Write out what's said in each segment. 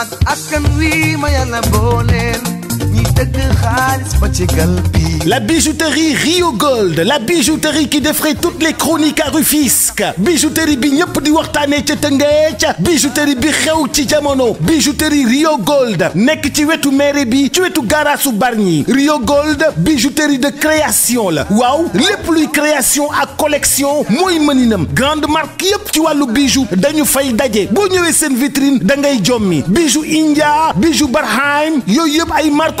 mag askan wi ma yàlla booleel La bijouterie Rio Gold la bijouterie qui défraie toutes les chroniques à Rufisque bijouterie Bignop ñëpp di waxtaanee bijouterie bi xew bijouterie Rio Gold tu ci wetu mère bi ci wetu barni. Rio Gold bijouterie de création la waaw plus luy création ak collection moi minimum. grande marque tu ci le bijou dañu fay daje boo et sen vitrine da ngay jommi bijou India bijou Barheim yoyeb yëpp ay marque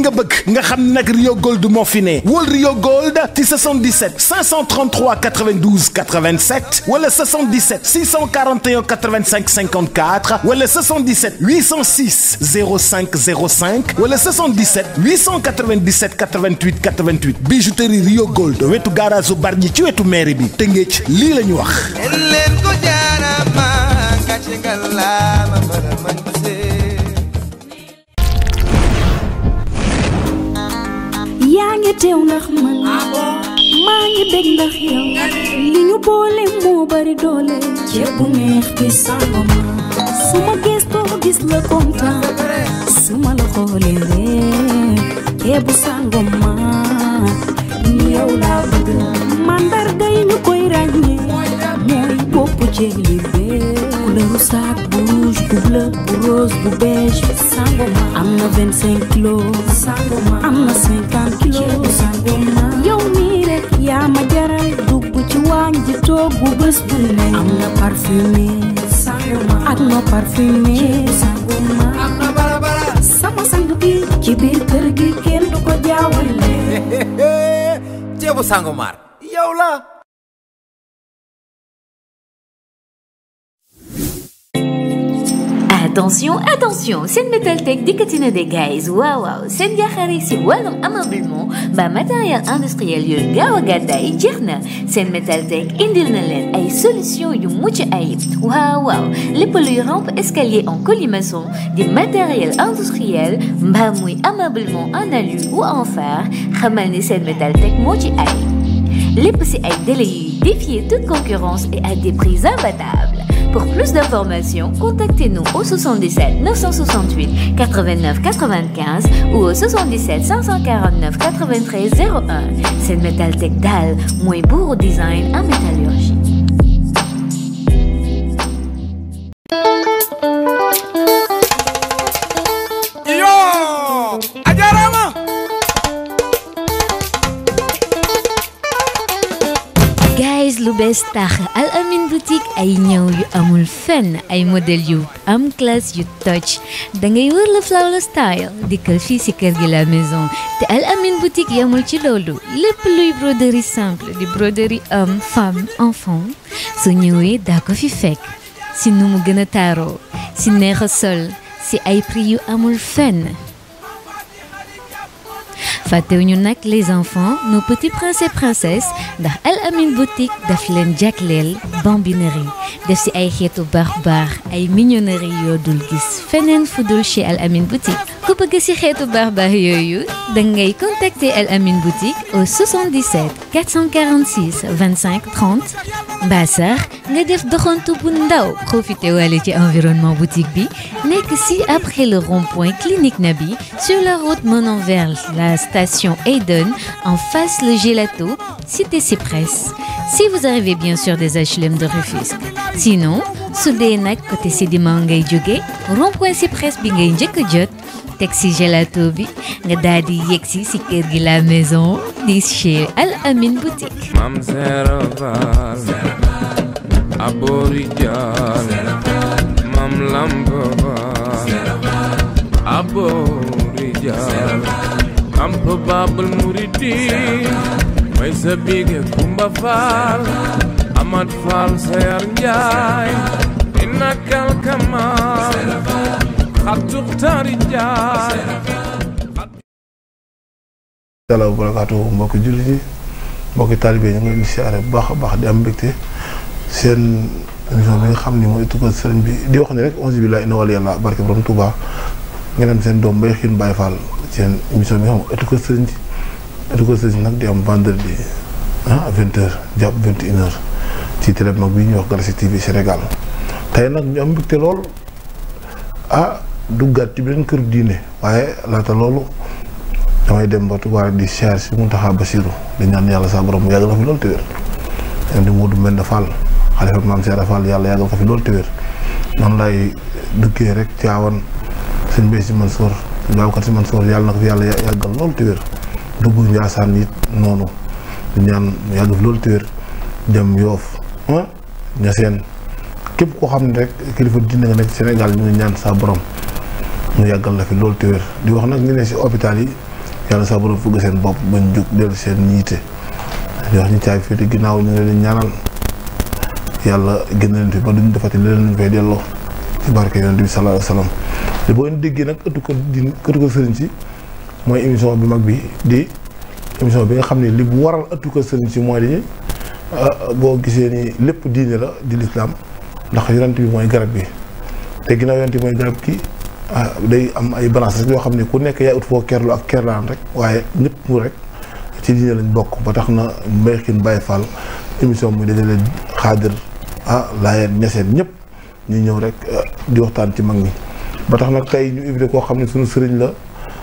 nga bëgg Rio Gold de fi Rio Gold 77 533 92 87 wala 77 641 85 54 wala 77 806 05 05 wala 77 897 88 88 bijouterie Rio Gold wetu garage tu ci wetu mairie bi ngi teew ndax man maa ngi bég ndax yow li ñu boole moo bari doole ceebu neex bi sàmba ma su ma gëstoo gis la kontaan su ma la xoolee ree ceebu sàmba ma ñu yow laa bëgg mandarga yi ñu koy ràññee mooy bopp jéeg couleur sac bu rouge bu bleu bu rose am na vingt cinq kilos Sangoma am na cinquante kilos Sangoma yow mii rek yaa ma jaral dugg ci waañ ji toog bu bés bu ne am na parfumé Sangoma ak ma parfumé Sangoma am na barabara sama sang bi ci biir kër gi kenn du ko jaawale ceebu Sangomar yow la Attention, attention, C'est Metaltech métaltech de guys, gars C'est seen jaaxare si amablement. ameublement ma matériel industriel yooyu gawagada et gàddaay jeex na une Metaltech indil na solution yu mucc Les waouh, les lépp les escalier en colimaçon des matériel industriels, bah, amablement en alu ou en fer xamal cette métaltech Metaltech moo ci ayib Les si ay délai défier toute concurrence et à des prix imbattables pour plus d'informations, contactez-nous au 77 968 89 95 ou au 77 549 93 01. C'est Metal Tech Dal, moins bourg design un métal. bees tax Al Amine boutique ay ñëw yu amul fenn ay modèle yu am classe yu touch da ngay wër la flower style dikkal fii si kër gi la maison te Al Amine boutique yamul ci loolu lépp luy broderie simple di broderie homme femme enfant su ñëwee daa ko fi fekk si nu mu gën a taaroo si neex a sol si ay prix yu amul fenn fàttewuñu nag les enfants nos petits princes et princesses dans Al amin boutique daf Jack Lel, bambinerie def si ay xeetu barbare, baax ay mignonnerie yoo dul gis feneen chez Al amin boutique ku bëgg si xeetu baax barbare, vous da ngay contacter Al amin boutique au 77 446 25 30 mbaa sax nga def doxantu bu ndaw de la environnement boutique bi que si après le rond-point clinique Nabi sur la route menant vers la station donne en face le Gelato, Cité Cypress. Si vous arrivez bien sûr des HLM de Rufus, Sinon, sous dee côté côté Sédiment du gay, rond-point Cypress bi ngay a que Gelato bi nga daal yexi si si kër la maison di chez Al Amin boutique. Mam am probabile muridin mooy sa bige Kumba fal Amat fal Sayar Njaay innakal kamal xattuk tari jay dalaw barakaatu mbokki mbok julli mbok taalibe ñu ngi ci arab bax bax di am mbégte sen ñu xamni moy xam ni sëriñ bi di wax ni rek onze billahi inna wallahi Allah barke borom Touba nga dem seen doom bay xin bay Fall seen émission bi xam etu ko sëriñ etu ko sëriñ nak di am vendredi ah 20h jàpp 21h ci télé mag bi ñu wax Galaxy TV Sénégal tay nak ñu am bëkté lool ah duggaat ci beneen kër diiné diine la ta loolu damay dem ba tubaare di cher ci muntaha Basiru di ñaan yalla sa borom mu la fi lool te wér di Moodu Mbenda Fall xalifa mam cheikh Fall yalla yàggal ko fi lool te non lay duggé rek caawan sëñ Bay Si Mansour sëñ ko Si Mansour yalla nak yalla yagal lol yàggal loolu te wér dugg Njaasaan ñaan yalla lol te wér dem yof hein seen képp koo xam ne rek kilifa di nga nek senegal ñu ñaan sa borom ñu yagal la fi lol te wér di wax nak ñu ne ci hopital yi yalla sa borom sen bop ba ñu juk del sen yiite di wax ñu tay fi di ñu leen ñaanal yalla génn fi ba duñ defati leen fay delo ci barke sallallahu alayhi te bo leen déggee nak ëttu ko di ëttu ko sëriñ ci moy émission bi mag bi di émission bi nga xam li bu waral ëttu ko sëriñ si mooy li bo gisé ni lepp diiné la di l'islam ndax yaronte bi moy garab bi té gina yaronte moy garab ki ah, day am ay balance yo yoo ku nekk ya ut fo kerlu ak kerlaan rek waye ñepp mu rek ci diiné lañ bok ba tax na Mbeykhine Baye Fall émission bi dajale xaadir ah laayeen ñeseen ñepp ñi ñëw rek euh, di waxtaan ci mag ni ba tax nak tay ñu invité ko xamni suñu sëriñ la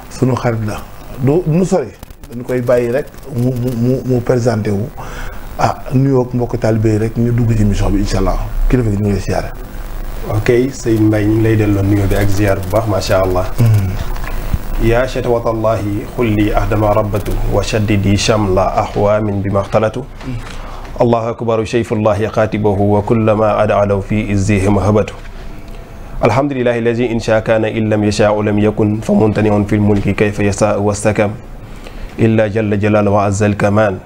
suñu xarit la do nu sori dañ koy bàyyi rek mu mu mu présenté wu à nuyoo ak mbokk talibé rek ñu dugg ci mission bi inshallah ki la gi ñu lay siyaare. ok sëñ mbay ñu lay delloo nuyoo bi ak ziar bu baax ma sha allah. yaa shatwat allahi xulli ahdama rabbatu wa shaddidi shamla ahwamin bima الله أكبر شيف الله qaatibahu وكلما أدعى له في izzihim مهبته الحمد لله الذي إن شاء كان إن لم يشاء ولم يكن فمنتنع في الملك كيف يساء واستكم إلا جل جلال وعز الكمان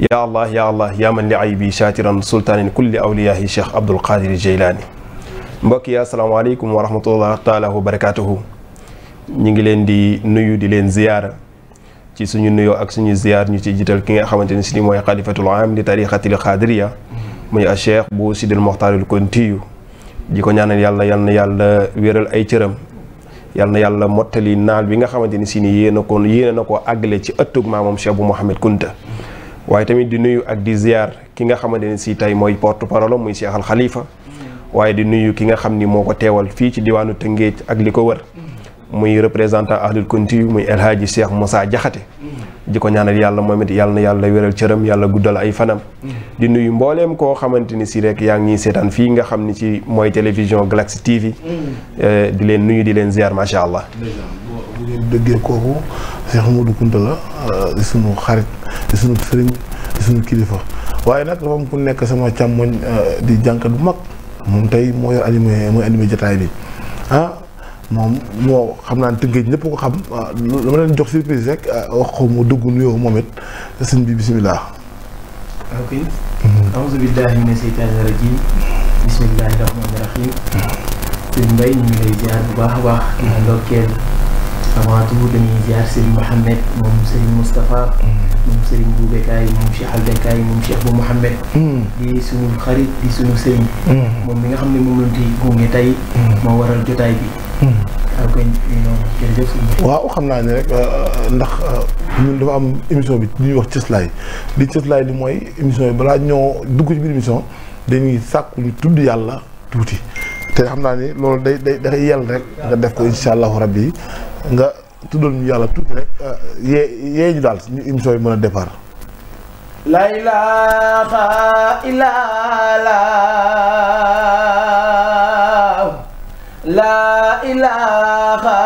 يا الله يا الله يا من لعيبي شاترا سلطان كل أولياه الشيخ عبد القادر الجيلاني مبكي السلام عليكم ورحمة الله تعالى وبركاته نجلين دي نيو دي لين زيارة ci suñu nuyo ak suñu ziar ñu ci jital ki nga xamanteni ci moy khalifatul am li بو سيد المختار cheikh di ko ñaanal yàlla yal na yàlla wéral ay cëram yàlla yàlla mottali naal bi nga xamante ni si ni yéen ko yéen na koo àggale ci ëttug maamam Cheikh bu Mouhamed Kunta waaye tamit di nuyu ak di ziar ki nga xamante ni si tey mooy porte parole muy Cheikh Al Khalifa waaye di nuyu ki nga xam ni moo ko teewal fii ci diwaanu Tëngéej ak li ko wër muy représentant ahlul kunti muy El Hadji Cheikh Moussa di ko ñaanal yàlla mooy it yàlla na yàlla wéral cëram yàlla guddal ay fanam di nuyu mbooleem koo xamante ni si rek yaa ngi seetaan fii nga xam ni ci mooy télévision Galaxy TV mm. eh, di leen nuyu di leen ziar macha allah bu ngeen kooku Cheikh Modou Kounta la euh, di sunu xarit di sunu sëriñ di sunu kilifa waaye nag dafa ku nekk sama càmmoñ euh, di jànq bu mag moom tey moo yor animé mooy animé jotaay bi ah moom moo xam naa tënkee ñëpp ko xam dama ma leen jox surprise rek euh, wax ko mu dugg nuyoo moom it sëñ bi bisimilah. ok. auzu billaahi mina seytaani rajiim. bismillaahi rahmaani rahiim. sëñ Mbaye ñu ngi lay ziar bu baax a baax. avant tout dañuy ziar Serigne Mohamed moom Serigne Moustapha. moom Serigne Boubekaay moom Cheikh Albekaay moom Cheikh bu Mohamed. di sunu xarit di sunu Serigne. moom mi nga xam ne moom lañ ciy gunge tey. moo waral jotaay bi. waaw kay jërëjëf. waaw xam naa ne rek ndax ñun dafa am émission bi ñuy wax cëslaay li cëslaay li mooy émission yi balaa ñoo dugg ci biir émission dañuy sàkku ñu tudd yàlla tuuti te xam naa ni loolu day day dafay yàlla rek nga def ko incha allahu rabbi nga tuddal ñu yàlla tuuti rek euh, yee ñu daal ñu émission yi mën a départ. la ilaha illallah la ilaha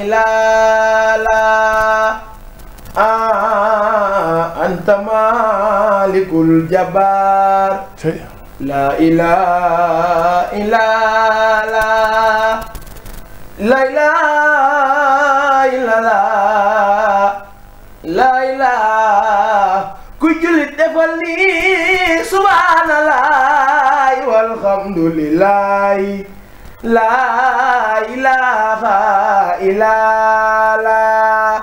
illallah ah, anta malikul jabbar la ilaha illallah jullit defal nii subhaanallaahi walhamdulillaahi laa ilaaha illallaah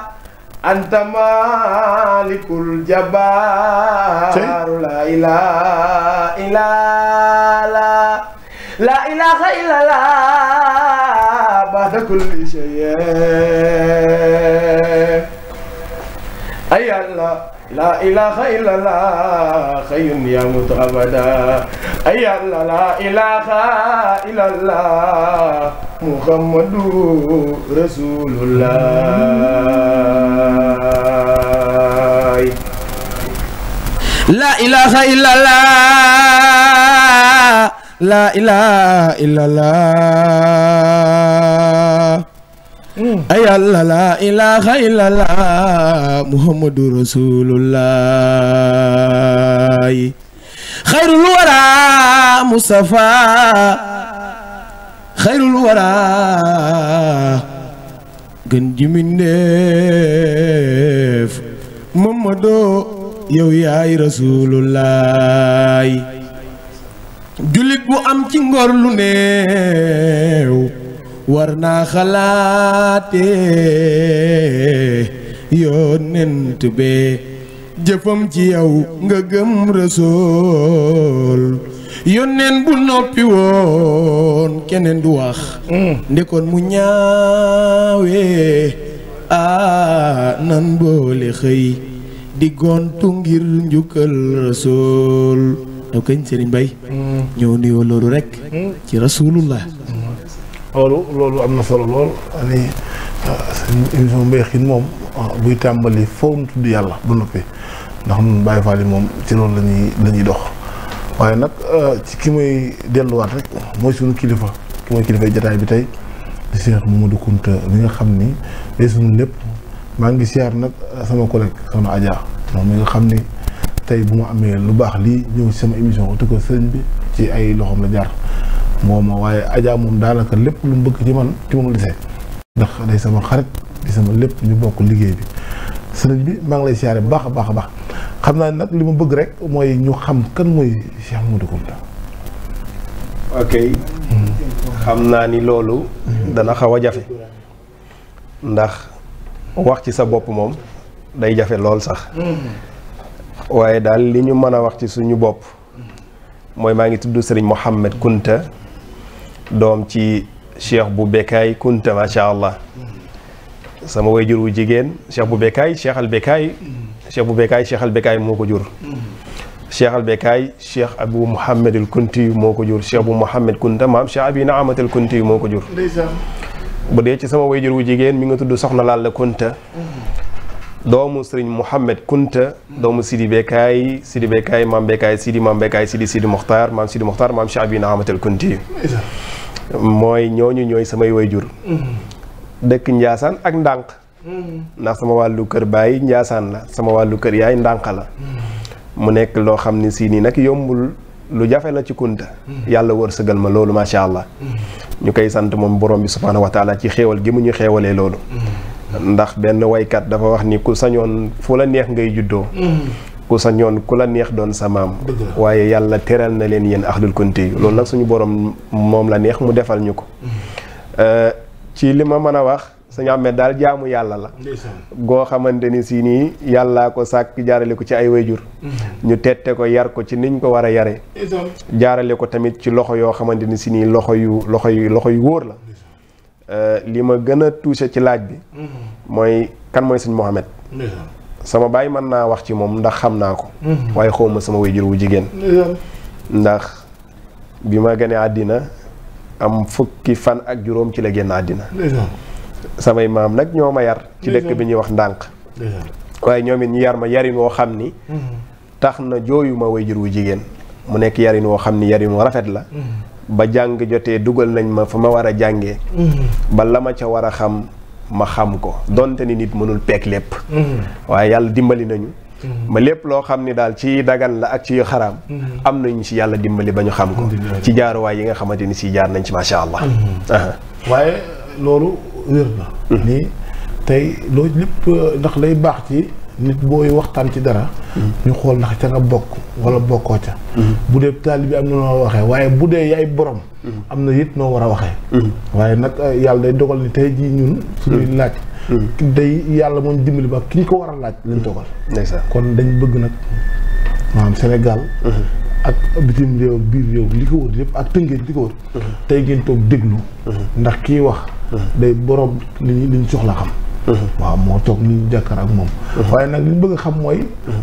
anta maalikul jabbaar laa ilaaha illallaah laa ilaaha illallaah ba'da kulli shay ay Allah laa ilaaha illallah xëyun yaa mut abada ay yàlla laa ilaaha illallah muhammadu rasulullah laa ilaaha illallah laa ayalla la ilaha illallah muhammadu rasulullah xayrul wara mustafa xayrul wara gën jimindeef muhammadu yow yaay rasulullah jullit bu am ci ngor lu neew Warna naa yonen yonent be jëfam ci yow nga gëm rasul yonen bu nopi won kenen du wax hmm. ndekoon mu ñaawee a nan boole xey di gontu ngir njukkal rasul daw kañ sëriñ bay lolu rek ci rasulullah loolu loolu am na solo lool ani ah, émission Mbéyakhin moom ah, buy tàmbali foo mu tudd yàlla ba noppi ndax ñun Baye Fall yi moom ci loolu la ñuy la dox waaye nag ah, ci ki may delluwaat rek mooy suñu kilifa ki mooy kilifa jataay bi tey di Cheikh Mamadou Kounta mi nga xam ni day suñu lépp maa ngi siyaar nag sama collègue soxna Adja moom mi nga xam ni tey bu ma amee lu baax lii ñëw ci sama émission te ko sëñ bi ci ay loxoom la jaar moma waye waaye Adja moom daanaka lu mbeug ci man ci moom lise ndax day sama xarit di sama lepp ñu bokk liggey bi serigne bi ma ngi lay siaré baax baax baax bëgg rek moy ñu xam kan moy Cheikh Modou Kounta ok xam naa ni lolu dana xawa jafé ndax wax ci sa bop mom day jafé lool sax waye dal li ñu mëna wax ci suñu bop moy ma ngi tuddu serigne mohammed kunta doom ci cheikh bu Bekkaay Kunta macha allah sama wayjur wu jigéen cheikh bu Bekkaay cheikh al Bekkaay cheikh bu Bekkaay cheikh al Bekkaay moo ko jur. cheikh al Bekkaay cheikh abu Mouhamed El Kunti moo ko jur cheikh bu Mouhamed Kunta maam cheikh abi Naamat El Kunti moo ko jur. bu dee ci sama wayjur wu jigéen mi nga tudd Soxna Lalla Kunta. doomu Serigne Mouhamed Kunta doomu Sidi Bekkaay Sidi Bekkaay maam Bekkaay Sidi maam Bekkaay Sidi Sidi Mokhtar maam Sidi Mokhtar maam cheikh abi Naamat El Kunti. mooy ñu ñooy samay way wayjur dëkk njaasaan ak ndànk ndax sama wàllu kër baay njaasaan la sama wàllu kër yaay ndànk la mu nekk loo xam ne si nii nag yombul lu jafe la ci kunta yàlla wërsëgal ma loolu macha allah ñu koy sant moom borom bi subhaanahu wa taala ci xéewal gi mu ñu xéewalee loolu ndax benn waykat dafa wax ni ku sañoon fu la neex ngay juddoo ku sa ñoon ku la neex doon sa maam waaye yàlla teral na leen yéen axdul konte yi mm-hmm. loolu nag suñu borom moom la neex mu defal ñu ko mm-hmm. euh, ci li ma mën a wax sañu amee daal jaamu yàlla la goo xamante ni si nii yàllaa ko sàkk jaarale ko ci ay wayjur mm-hmm. ñu tette ko yar ko ci niñ ko war a yare jaarale ko tamit ci loxo yoo xamante ni si nii loxo yu loxo yu loxo yu wóor la euh, li ma gën a touché ci laaj bi mooy kan mooy sëñ Mohamed sama baay mën naa wax ci moom ndax xam naa ko mhm. waaye xaw ma sama wayjur wu jigéen ndax bi ma gënee àddina am fukki fan ak juróom ci la génn àddina samay maam nag ñoo ma yar ci dëkk bi ñuy wax ndànk waaye ñoom it ñu yar ma yarin woo xam ni mhm. tax na jooyu ma wayjur wu jigéen mu nekk yarin woo xam ni yarin wu rafet la mhm. ba jàng jotee dugal nañ ma fa ma war a jàngee ba la ma ca war a xam ma xam ko donte ni nit mënul peek lépp mm-hmm. waaye yàlla dimbali nañu mm-hmm. ma lépp loo xam ni daal ci dagan la ak ci yu xaraam mm-hmm. am nañu si yàlla dimbali ba ñu xam ko ci jaaruwaay yi nga xamante ni si jaar nañ ci macha allah uh-huh. waaye loolu wér na nii tey loolu lépp uh, ndax lay baax ci nit booy waxtaan ci dara ñu xool ndax ca nga bokk wala bokkoo ca bu dee taalibe bi am na noo waxee waaye bu dee yaay borom am na it noo war a waxee mm-hmm. waaye nag eh, yàlla day dogal ni tey jii ñun suñuy mm-hmm. laaj mm-hmm. day yàlla moom dimbali ba ki ñu ko war a laaj lañ dogal kon dañ bëgg nag maanaam Sénégal ak bitim réew biir réew li ko wër yëpp ak tëngéej li ko wër tey ngeen toog déglu ndax kii wax day borom li ñu soxla xam waaw moo toog ni ñu jàkkaar ak moom waaye nag li ñu bëgg a xam mooy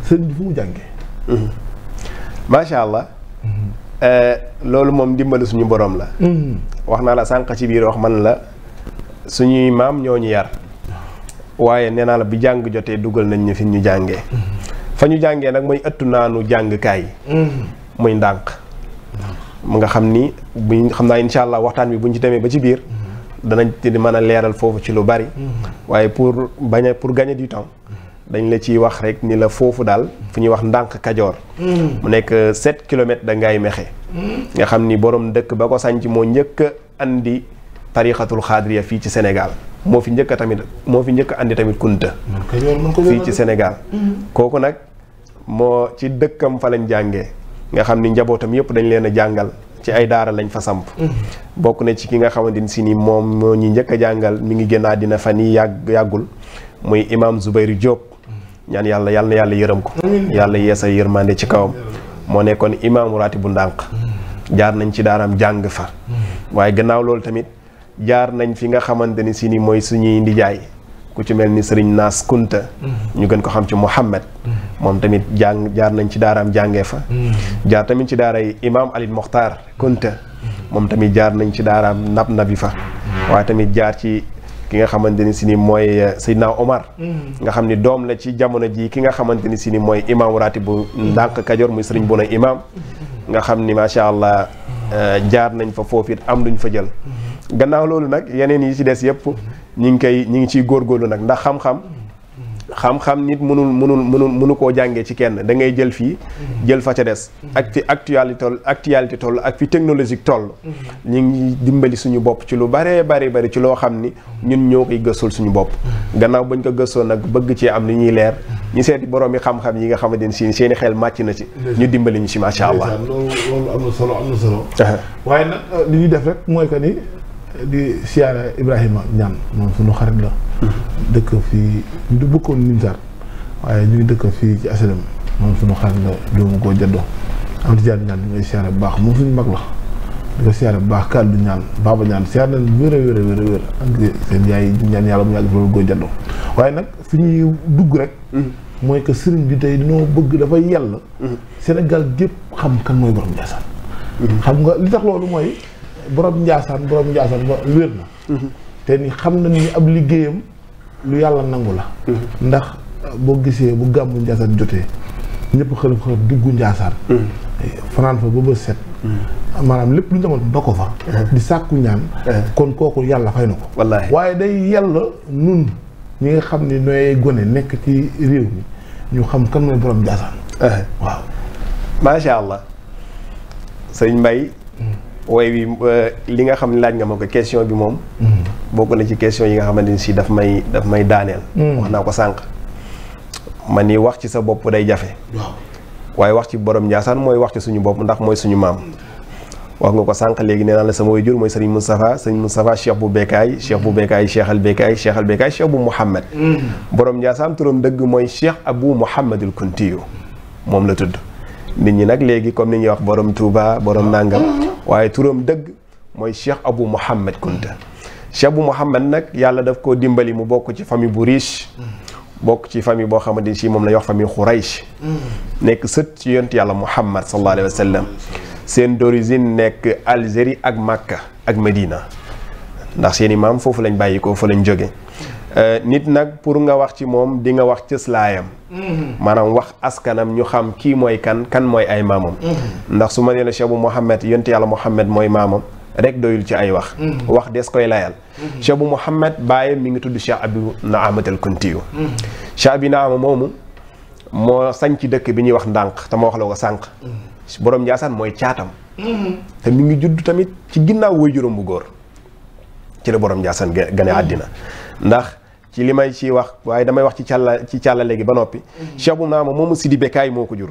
seen bi fu mu jàngee macha allah Euh, loolu moom dimbali suñu borom la. Hmm. wax naa la sànq ci biir wax man la suñuy maam ñoo ñu yar. waaye nee naa la bi jàng jotee dugal nañ ñu fi ñu jànge hmm. fa ñu jàngee nag mooy ëttu naanu jàngkaay. Hmm. muy ndànk. mu nga xam ni buñ xam naa incha allah waxtaan bi buñ ci demee ba ci biir. danañ ci mën a leeral foofu ci lu bari. waaye pour bañ pour gagner du temps. dañ la ciy wax rek ni la foofu daal fu ñuy wax ndànk kajoor hmm. mu nekk 7 kilomètres da ngay mexe hmm. nga xam ni borom dëkk ba ko sànc moo njëkk a andi tariqatul xaadiriya fii ci Sénégal moo fi njëkk a tamit moo fi njëkk a tamit kunta fii ci senegal hmm. kooku nag moo ci dëkkam fa lañ jànge nga xam ni njabootam yëpp dañ leen a jàngal ci ay daara lañ fa samp bokk na ci ki nga xamante ni si ni moom moo ñu njëkk a jàngal mi ngi génn dina fan yi yàgg yàggul muy imam Zubairu Diop ñaan yàlla yàlla na yàlla yërëm ko yàlla yeesal yërmande ci kawam moo nekkoon imaamu raati bu ndànk mm. jaar nañ ci daaraam jàng fa mm. waaye gannaaw loolu tamit jaar nañ fi nga xamante ni si ni mooy suñuy ndijaay ku ci mel ni sëriñ Naas Kunta mm. ñu gën ko xam ci Muhammad moom tamit jàng jaar nañ ci daaraam jàngee fa jaar tamit ci daaray imaam Alil Mokhtar Kunta moom tamit jaar nañ ci daaraam nab nabi fa waaye tamit jaar ci ki nga xamante ni si ni mooy eh, Seydina Omar mm. nga xam ni doom la ci jamono ji ki nga xamante ni si ni mooy imam raati bu ndànk Kajoor muy sëriñ Bouna imam nga xam ni macha allah eh, jaar nañ fa foofu it am luñ fa jël mm-hmm. gannaaw loolu nag yeneen yi ci des yëpp ñi ngi koy ñi ngi ciy góorgóorlu nag ndax xam-xam xam-xam nit mënul mënul mënul mënu koo jàngee ci kenn da ngay jël fii mm-hmm. jël fa ca des mm-hmm. ak fi actualité toll actualité toll ak fi technologique toll mm-hmm. ñu ngi dimbali suñu bopp ci lu baree bari bari ci loo xam ni ñun ñoo koy gëstul suñu bopp gannaaw bañ ko gëstoo nag bëgg ci am li ñuy leer ñu seeti borom yi xam-xam yi nga xamante ne si seeni i xel màcc na ci ñu dimbali ñu si macha allah loolu am solo am na solo waaye nag li ñuy def rek mooy que ni di siyaare Ibrahima ñaan moom suñu xarit la dëkk fii du bëggoon Nimsaat waaye ñu ngi dëkk fii ci asalam moom suñu xarit la doomu koo jaddoo am ti jaadu ñaan ñu bu baax moom suñu mag la di bu baax kàddu ñaan baaba ñaan siyaare nañ wér a a wér a yaay ñaan yàlla mu yàgg loolu koo jaddoo waaye nag fi ñuy dugg rek hmm. mooy que sëriñ bi tey noo bëgg dafay yàlla hmm. Sénégal gépp xam kan mooy borom Ndiassane hmm. xam nga li tax loolu mooy borom Ndiassane borom Ndiassane wér na te ni xam na ni ab liggéeyam lu yàlla nangu la mm-hmm. ndax euh, boo gisee bu gàmmu njaasaan jotee ñëpp xërëb xërëb duggu njaasaan mm-hmm. eh, fanaan fa ba bët set mm-hmm. maanaam lépp lu ñu amoon ko fa eh. di sàkku ñaan eh. kon kooku yàlla fay na ko wallaahi waaye day yàlla nun ñi nga xam ni nooy gone nekk ci réew mi ñu xam kan mooy borom njaasaan waaw macha allah sëñ Mbaye mm. way wi eh, li nga xam ne laaj nga ma ko question bi moom hmm. bokk na ci question yi nga xamante si daf may daf may daaneel hmm. wax naa ko sànq man ni wax ci sa bopp day jafe waaye wax ci borom Ndiassane mooy wax ci suñu bopp ndax mooy suñu maam wax nga ko sànq léegi nee naa la sama jur mooy sëriñ Moustapha sëriñ Moustapha cheikh bu Bekaay cheikh bu Bekaay cheikh al Bekaay cheikh al Bekaay cheikh bu Mouhamed hmm. borom Ndiassane turam dëgg mooy cheikh Abou Mouhamedul Kuntiyu moom la tudd nit ñi nag léegi comme ni ñuy wax borom Touba borom Nangam. waaye turam dëgg mooy Cheikh Abou Mouhamed Kounta Cheikh Abou Mouhamed nag yàlla daf koo dimbali mu bokk ci famille bu riche bokk ci famille boo xamante ni si moom la ñuy wax famille Khouraïch nekk sët ci yonent yàlla Mouhamed sallallahu alayhi wa sallam seen d'origine nekk Algérie ak Makka ak Medina ndax seen i maam foofu lañ bàyyi ko fa lañ jóge Euh, nit nag pour nga wax ci moom di nga wax cëslaayam mhm. maanaam wax askanam ñu xam kii mooy kan kan mooy ay maamam mhm. ndax su ma nee la Cheikh bu Mouhamed yonent yàlla Mouhamed mooy maamam rek doyul ci ay wax mhm. wax des koy layal Cheikh bu Mouhamed bàyyam mi ngi tudd Cheikh Abu Naamatal Kuntiyu Cheikh Abi Naama moomu moo sañ ci dëkk bi ñuy wax ndànk te ma wax la ko sànq borom Njaasaan mooy caatam te mu ngi judd tamit ci ginnaaw juróom bu góor ci la borom Njaasaan gane àddina ci limay ci wax waye damay wax ci cialla ci cialla léegi ba nopi Cheikh Boum Naama moomu Sidi Bekaay moko ko jur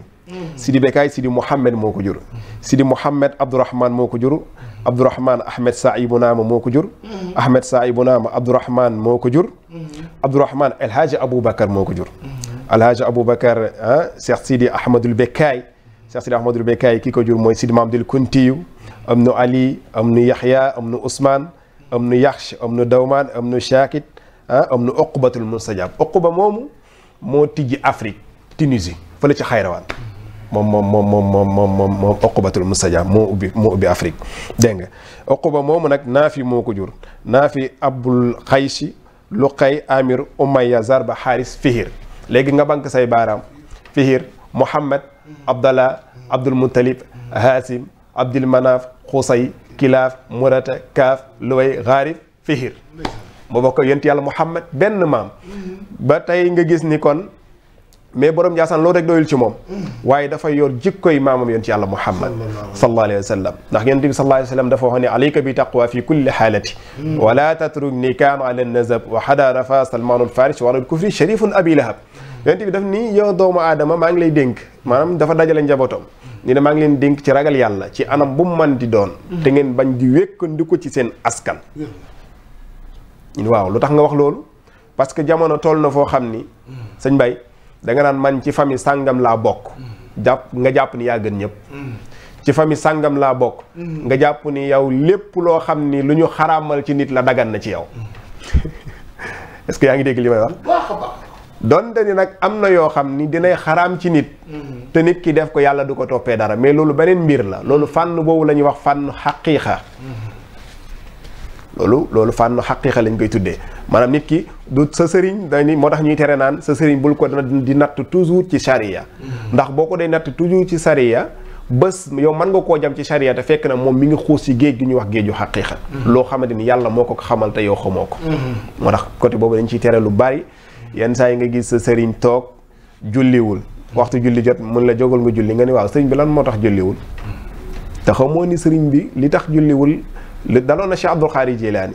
Sidi Bekaay Sidi Mouhamed moo ko jur Sidi Mouhamed Abdourahman moko ko jur Abdourahman Ahmed Saïbou Naama moo ko jur Ahmed Saïbou Naama Abdourahman moo ko jur Abdourahman El Hadj Aboubacar moo ko jur El Hadj Aboubacar ah Cheikh Sidi Ahmadul Bekaay Cheikh Sidi Ahmadul Bekaay kiko ko moy Sidi mamdil Kuntiyu amnu Ali amnu yahya amnu usman amnu yakhsh amnu Dawman amnu Shakit ah am na oqubatul mustajab oquba moomu moo tijji Afrique Tunisie fële ci xayrawaan moom moom moom moom moom moom moom oqubatul mustajab moo Afrique dégg nga moomu nag naafi moo ko jur naafi abul xaysi luqay amir umayya zarba xaaris fihir léegi nga bank say baaraam fihir muhammad abdallah abdul muttalib hasim abdul manaaf xusay kilaaf murata kaaf luway xaarif fihir moo bokk yonent yàlla Muhammad benn maam ba tey nga gis ni kon mais borom Ndiassane loolu rek doyul ci moom waaye dafa yor jikkoy maamam yonent yàlla Muhammad sallallahu alayhi wa sallam ndax yonent bi sallallahu alayhi wa sallam dafa alayka bi taqwa fi kulli xaalati wala tatruk nikaan ala nazab wa xada rafa salmaanu alfaris wa anul kufri sharifun abi lahab yonent bi daf ni yow doomu aadama maa ngi lay dénk maanaam dafa dajale njabootam ni ne maa ngi leen dénk ci ragal yàlla ci anam bu mu mën di doon te ngeen bañ di wékkandiku ci sen askan waaw lu tax nga wax loolu parce que jamono toll na foo xam ni sañ Baye da nga naan man ci famille sàngam laa bokk jàpp nga jàpp ni yaa gën ñëpp ci famille sàngam laa bokk nga jàpp ni yow lépp loo xam ni lu ñu xaramal ci nit la dagan na ci yow est-ce yaa ngi dégg li may wax donte ni nag am na yoo xam ni dinay xaraam ci nit mm-hmm. te nit ki def ko yàlla du ko toppee dara mais loolu beneen mbir la loolu fànn boobu la ñuy wax fànn xaqiiqa mm-hmm. lolu lolu fan haqiqa lañ koy tuddé manam nit ki du sa sëriñ dañuy moo tax ñuy tere naan sa sëriñ bul ko di nat toujours ci sharia ndax boko day nat toujours ci sharia bëss yow man nga ko jam ci sharia te fekk na mom mi ngi xoss ci geej gi ñu wax géeju haqiqa lo xamanteni ni yàlla moo ko xamal te yow xamoko ko tax côté bobu dañ ci téré lu bari yeen say nga gis sa sëriñ julli wul waxtu julli jot mën la jógal nga julli nga ni waaw sëriñ bi lan moo tax julliwul te xamoo ni sëriñ bi li tax wul دالون شي عبد الخاري جيلاني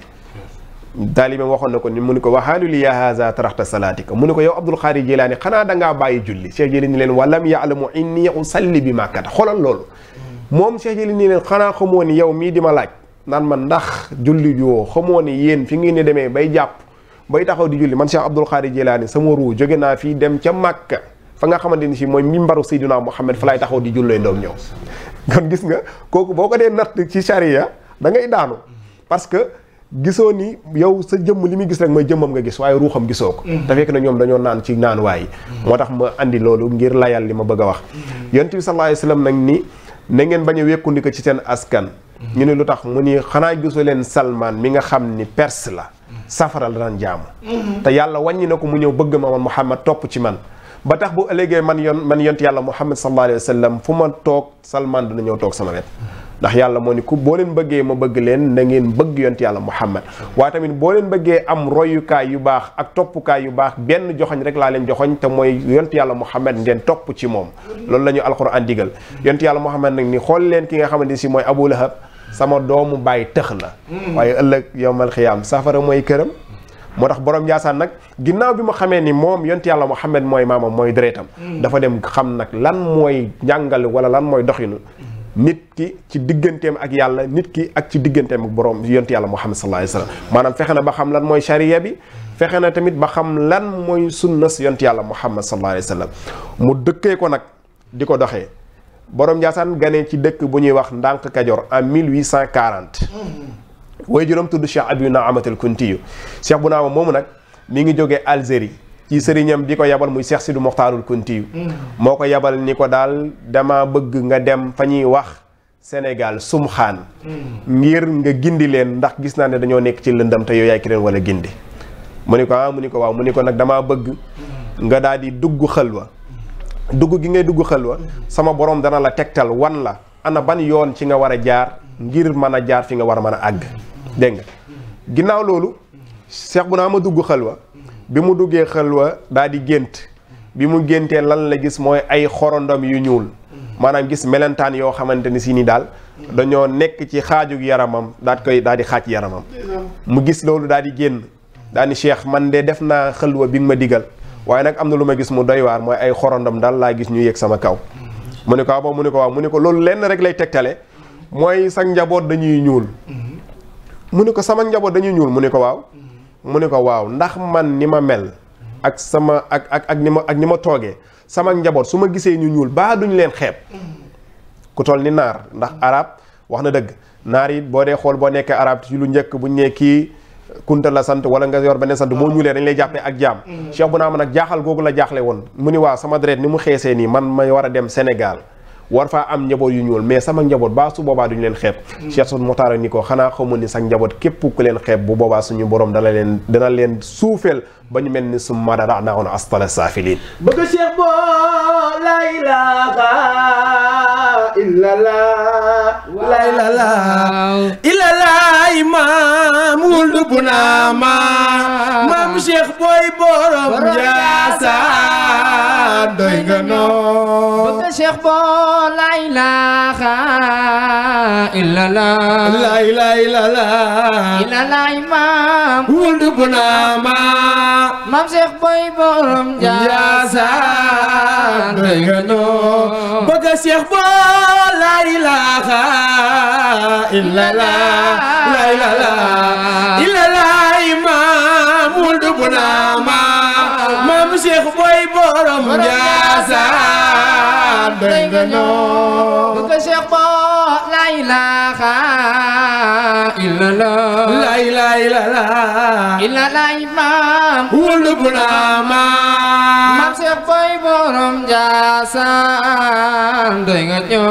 داليم واخون نكو ني مونيكو وحال لي هذا ترحت صلاتك مونيكو يا عبد الخاري جيلاني خنا داغا باي جولي شيخ جيلي ني لن ولم يعلم اني اصلي بما كات خولن لول موم شيخ جيلي ني لن خنا خموني يو مي ديما لاج نان من داخ جولي جو خموني يين فيغي ني ديمي باي جاب باي تاخو دي جولي من شيخ عبد الخاري جيلاني سمورو جوغينا في ديم تيا مكه فغا خامديني شي موي منبر سيدنا محمد فلاي تاخو دي جولي دوم نيو كون غيس nga كوكو بوكو دي نات شي شريعه da ngay daanu parce que gisoo ni yow sa jëmm li muy gis rek mooy jëmmam nga gis waaye ruuxam gisoo ko mm-hmm. te fekk na ñoom dañoo naan ci naan waayi mm-hmm. moo tax ma andi loolu ngir layal li ma bëgg a wax mm-hmm. yonent bi sallallahu alayhi wasallam nag ni na ngeen bañ a wekkundiko ci seen askan ñu ne lu tax mu ni xanaa gisoo leen salmaan mi nga xam ni perse la safara la daan jaamu te yàlla wàññi na ko mu ñëw bëgg ma man ma topp ci man ba tax bu ëllëgee man yoon man yont yàlla Muhammad sallallahu alayhi wasallam fu ma toog Salman dina ñëw toog sama wet ndax yalla moo ni ku bo len beugé ma beug len na ngeen beug yont yalla muhammad wa tamit bo len beugé am ka yu bax ak ka yu bax ben joxoñ rek la len joxoñ te moy yont yalla muhammad ngeen top ci mom lolou lañu alcorane digal yont yalla muhammad nak ni xol len ki nga xamanteni ci moy abu lahab sama doomu bàyyi tekh la waye ëllëg yowmal khiyam safara moy këram motax borom njaasaan nak ginnaw bi mu xamee ni mom yont yalla muhammad moy mama moy dretam. dafa dem xam nak lan moy jangal wala lan moy doxinu nit ki ci digganteem ak yàlla nit ki ak ci digganteem ak borom yonent yàlla Muhammad sallallahu alayhi wa sallam maanaam fexe na ba xam lan mooy charia bi fexe na tamit ba xam lan mooy sunnas yonent yàlla Muhammad sallallahu alayhi wa sallam mu dëkkee ko nag di ko doxe borom Ndiassane ganee ci dëkk bu ñuy wax ndànk Kajoor en 1840 way juróom tudd Cheikh Abiyu Naamatul Kuntiyu Cheikh bu naama moomu nag mi ngi jógee Algérie ci serignam diko yabal muy Cheikh Sidou Mokhtarul kunti moko mm. yabal ni ko dama beug nga dem fañi ñuy wax Sénégal sumxaan mm. ngir nga gindi len ndax gis na ne daño nek ci lendam te yow yaay ki leen wala gindi muniko ah muniko muniko nak dama beug mm. nga duggu duggu gi ngay duggu sama borom dana la tektal wan la ana ban yoon ci nga wara jaar ngir mana jaar fi nga wara mana ag deng ginaaw dégg Cheikh bu ma duggu bi mu duggee xalwa daal di gént bi mu géntee lan la gis mooy ay xorondom yu ñuul maanaam gis melentaan yoo xamante ni si ni daal dañoo nekk ci xaajug yaramam daal koy daal di xaaj yaramam mu gis loolu daal di génn daal di cheikh man de def naa xalwa bi nga ma digal waaye nag am na lu ma gis mu doy mooy ay xorondom daal laa gis ñu yéeg sama kaw mu ne ko waaw ah mu ne ko waaw mu ne ko loolu lenn rek lay tegtale mooy sa njaboot dañuy ñuul mu ne ko sama njaboot dañuy ñuul mu ne ko waaw mu ne ko waaw ndax man ni ma mel ak sama ak ak ak ni ma ak ni ma toogee sama njaboot su ma gisee ñu ñuul baa duñu leen xeeb ku toll ni naar ndax arab wax na dëgg naar yi boo dee xool boo nekkee arab ci lu njëkk buñ nee kii kunta la sant wala nga yor ba ne sant boo ñuulee dañ lay jàppee ak jaam mm. cheikh bu naa man nag jaaxal googu la jaaxle woon mu ni waaw sama deret ni mu xeesee nii man may war a dem Sénégal war faa am njaboot yu ñuul mais sama njaboot baa su boobaa duñu leen xeeb hmm. Cheikh Sot Motaara ni ko xanaa xamoon ni sa njaboot képp ku leen xeeb bu boobaa suñu borom dana leen dana leen suufeel ba ñu mel ni su madara naa a astala saafiliin bëgg Cheikh bo la ilaha illallah la ilaha illallah imaamul dubu naa maam maam Cheikh booy borom jaasa doy nga noo bëgg Cheikh boo la ilaha illa la la ilaha illa la illa la imam wundu bu naa ma maam Cheikh boy borom jaasaan doy nga noo bëgg Cheikh boo la ilaha illa la la ilaha illa la imam wundu bu naa ma Cheikh boy la ilaha la ilaha illallah illallah imam wulubuna maam nam già sa đời ngất nhớ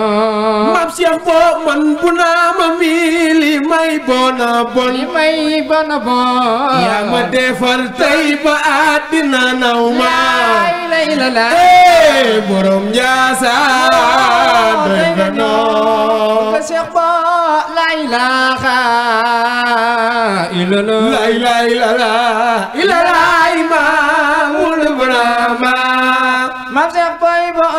mập xiang vô mình buna mà mi li mai bona bon li mai bona bon ya mà đề phật tây ba adina na ma lay la la hey borom già sa đời ngất nhớ mập xiang vô lay la kha ilala lay lay la la ilala ma mulbra ma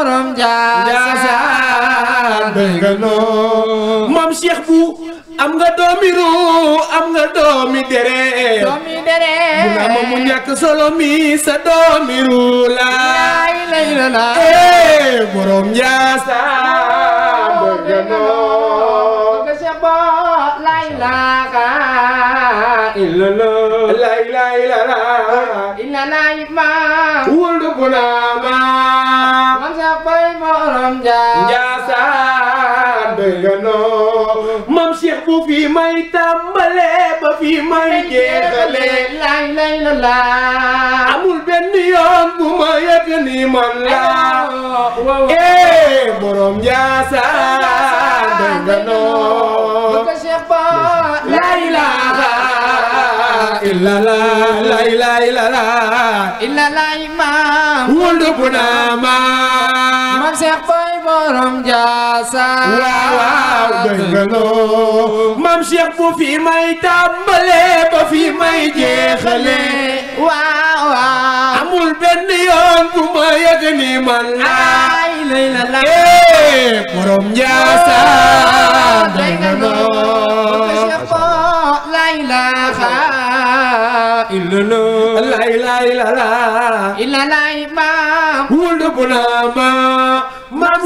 borom Njaasaan bëgg nga loo moom Cheikh bu am nga doomi ruu am nga doomi dere doomi dere bu na moom mu ñàkk solo mi sa doomi ruu la lay la la eh borom Njaasaan bëgg nga loo nga Cheikh bo lay la ka illa la lay lay la la inna nay ma wul du bu na ma njaasaan dëgganoo mam cheikh bu fi may tàmbale ba fi may jeexale lay lay la la amul benn yoon bu ma yëg ni man la eh borom njaasaan dëgganoo la ilaha illa la la ilaha illa la illa la imam wul bu na ma maam Cheikh Boy borom Ndiassane. waaw dégg nga loo. maam Cheikh bu fi may tàmbalee ba fi may jeexalee. waaw waaw. amul benn yoon bu ma yëg ni man la. ay lay la la. borom Ndiassane. dégg nga loo. Cheikh Boy lay la illallah la ilaha illallah illallah imam wul bu na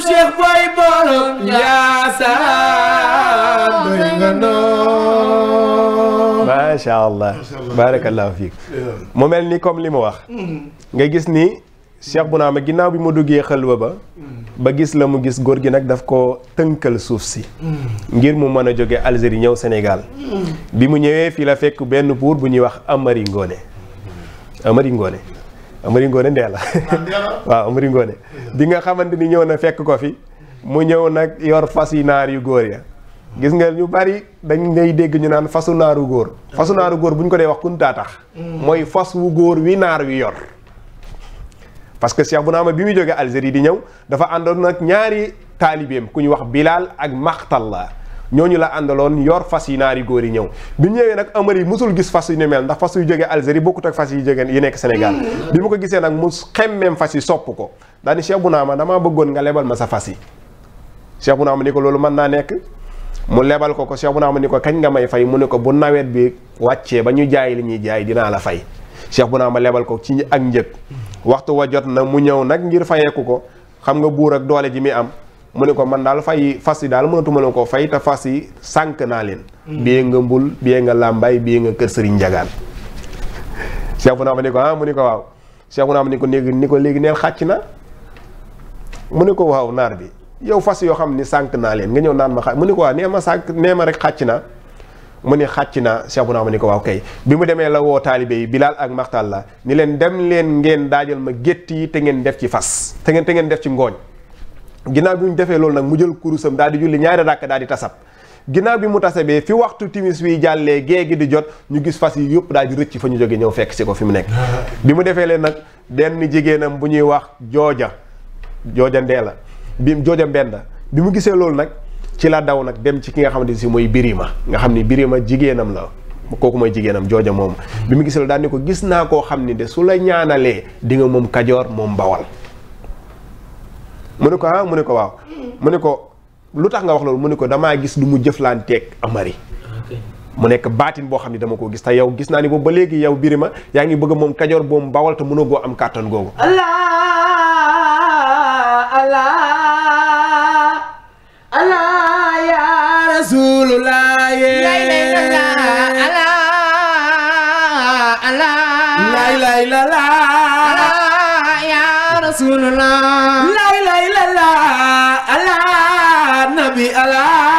Cheikh Boy borom Ndiassane oh, doy nga noonu macha mu mel ni comme li mu wax mm-hmm. nga gis ni Cheikh ma ginnaaw bi mu duggee xalwa ba mm-hmm. ba gis la mu gis góor gi nag daf ko tënkal suuf si mm-hmm. ngir mu mën a jóge Algérie ñëw senegal bi mu ñëwee fii la fekk benn buur bu ñuy wax Amari Ngoone Amari Ngoone Amari Ngoone ndee la waaw Amari Ngoone bi nga xamante ni ñëw na fekk ko fi mu ñëw nag yor fas yi naar yu góor ya gis nga ñu bari dañ lay dégg ñu naan fasu naaru góor fasu naaru góor bu ñu ko dee wax kuntaa tax mm. mooy fas wu góor wi naar wi yor parce que Cheikh Bounama bi muy jógee Algérie di ñëw dafa àndoon nag ñaari taalibeem ku ñu wax Bilal ak Maxtalla ñooñu la àndaloon yor fas yi naari góor yi ñëw bi ñëwee nag amari mosul gis fas yu ni mel ndax fas yu jógee Algérie bokkut ak fas yi jógee yi nekk Sénégal mm. bi mu ko gisee nag mu xemmeem fas yi sopp ko daani Cheikh Bounama damaa bëggoon nga lebal ma sa fas yi Cheikh ma ni ko loolu mën naa nekk mu lebal ko ko bu naa ma ni ko kañ nga may fay mu ne ko bu nawet bi wàccee ba ñu jaay li ñuy jaay dinaa la fay Cheikh ma lebal ko ci ak njëg mm. waxtu wa jot na mu ñëw nag ngir fayeeku ko xam nga buur ak doole ji mi am mu ne ko man daal fay fas yi daal mënatuma la ko fay te fas yi sànq naa leen mm. biyee nga mbul biyee nga làmbaay biyee nga kër sëriñ njagaan Cheikh naa ma ni ko ah, mu ni ko waaw Cheikh naa ma ni ko néegi ni ko léegi neel xàcc na mu ne ko waaw naar bi yow fas yoo xam ni sànq naa leen nga ñëw naan ma xàcc mu ne ko waaw nee ma sànq nee ma rek xàcc na mu ni xàcc na Cheikh naa ma ni ko waaw kay bi mu demee la woo taalibe yi Bilal ak Maxtal la ni leen dem leen ngeen daajal ma gétt yi te ngeen def ci fas te ngeen te ngeen def ci ngooñ ginnaaw bi ñu defee loolu nag mu jël kurusam daal di julli ñaari ràkk daal di tasab ginnaaw bi mu tasabee fi waxtu timis wi jàllee gée gi di jot ñu gis fas yi yëpp daal di rëcc fa ñu jógee ñëw fekk si ko fi mu nekk bi mu defee leen nag denn jigéenam bu ñuy wax jooja jooja ndee la bi jooja mbenda bi mu gisee loolu nag ci la daw nag dem ci ki nga xamante si mooy birima nga xam ni birima jigéenam la kooku mooy jigéenam jooja moom bi mu gisee loolu daal ni ko gis naa koo xam ni de su la ñaanalee di nga moom kajoor moom bawal mu ne ko ah mu ne ko waaw mu ne ko lu nga wax lolou mu ne ko gis du mu jëflanteeg Amari mu nek batin bo xamni dama ko gis ta yow gis na ni bo ba léegi yow Birima yaa ngi bëgg moom kajoor boom bawal te muno go am carton gogo allah allah allah ya rasulullah la ilaha illallah ya rasulullah Allah, nabi Allah.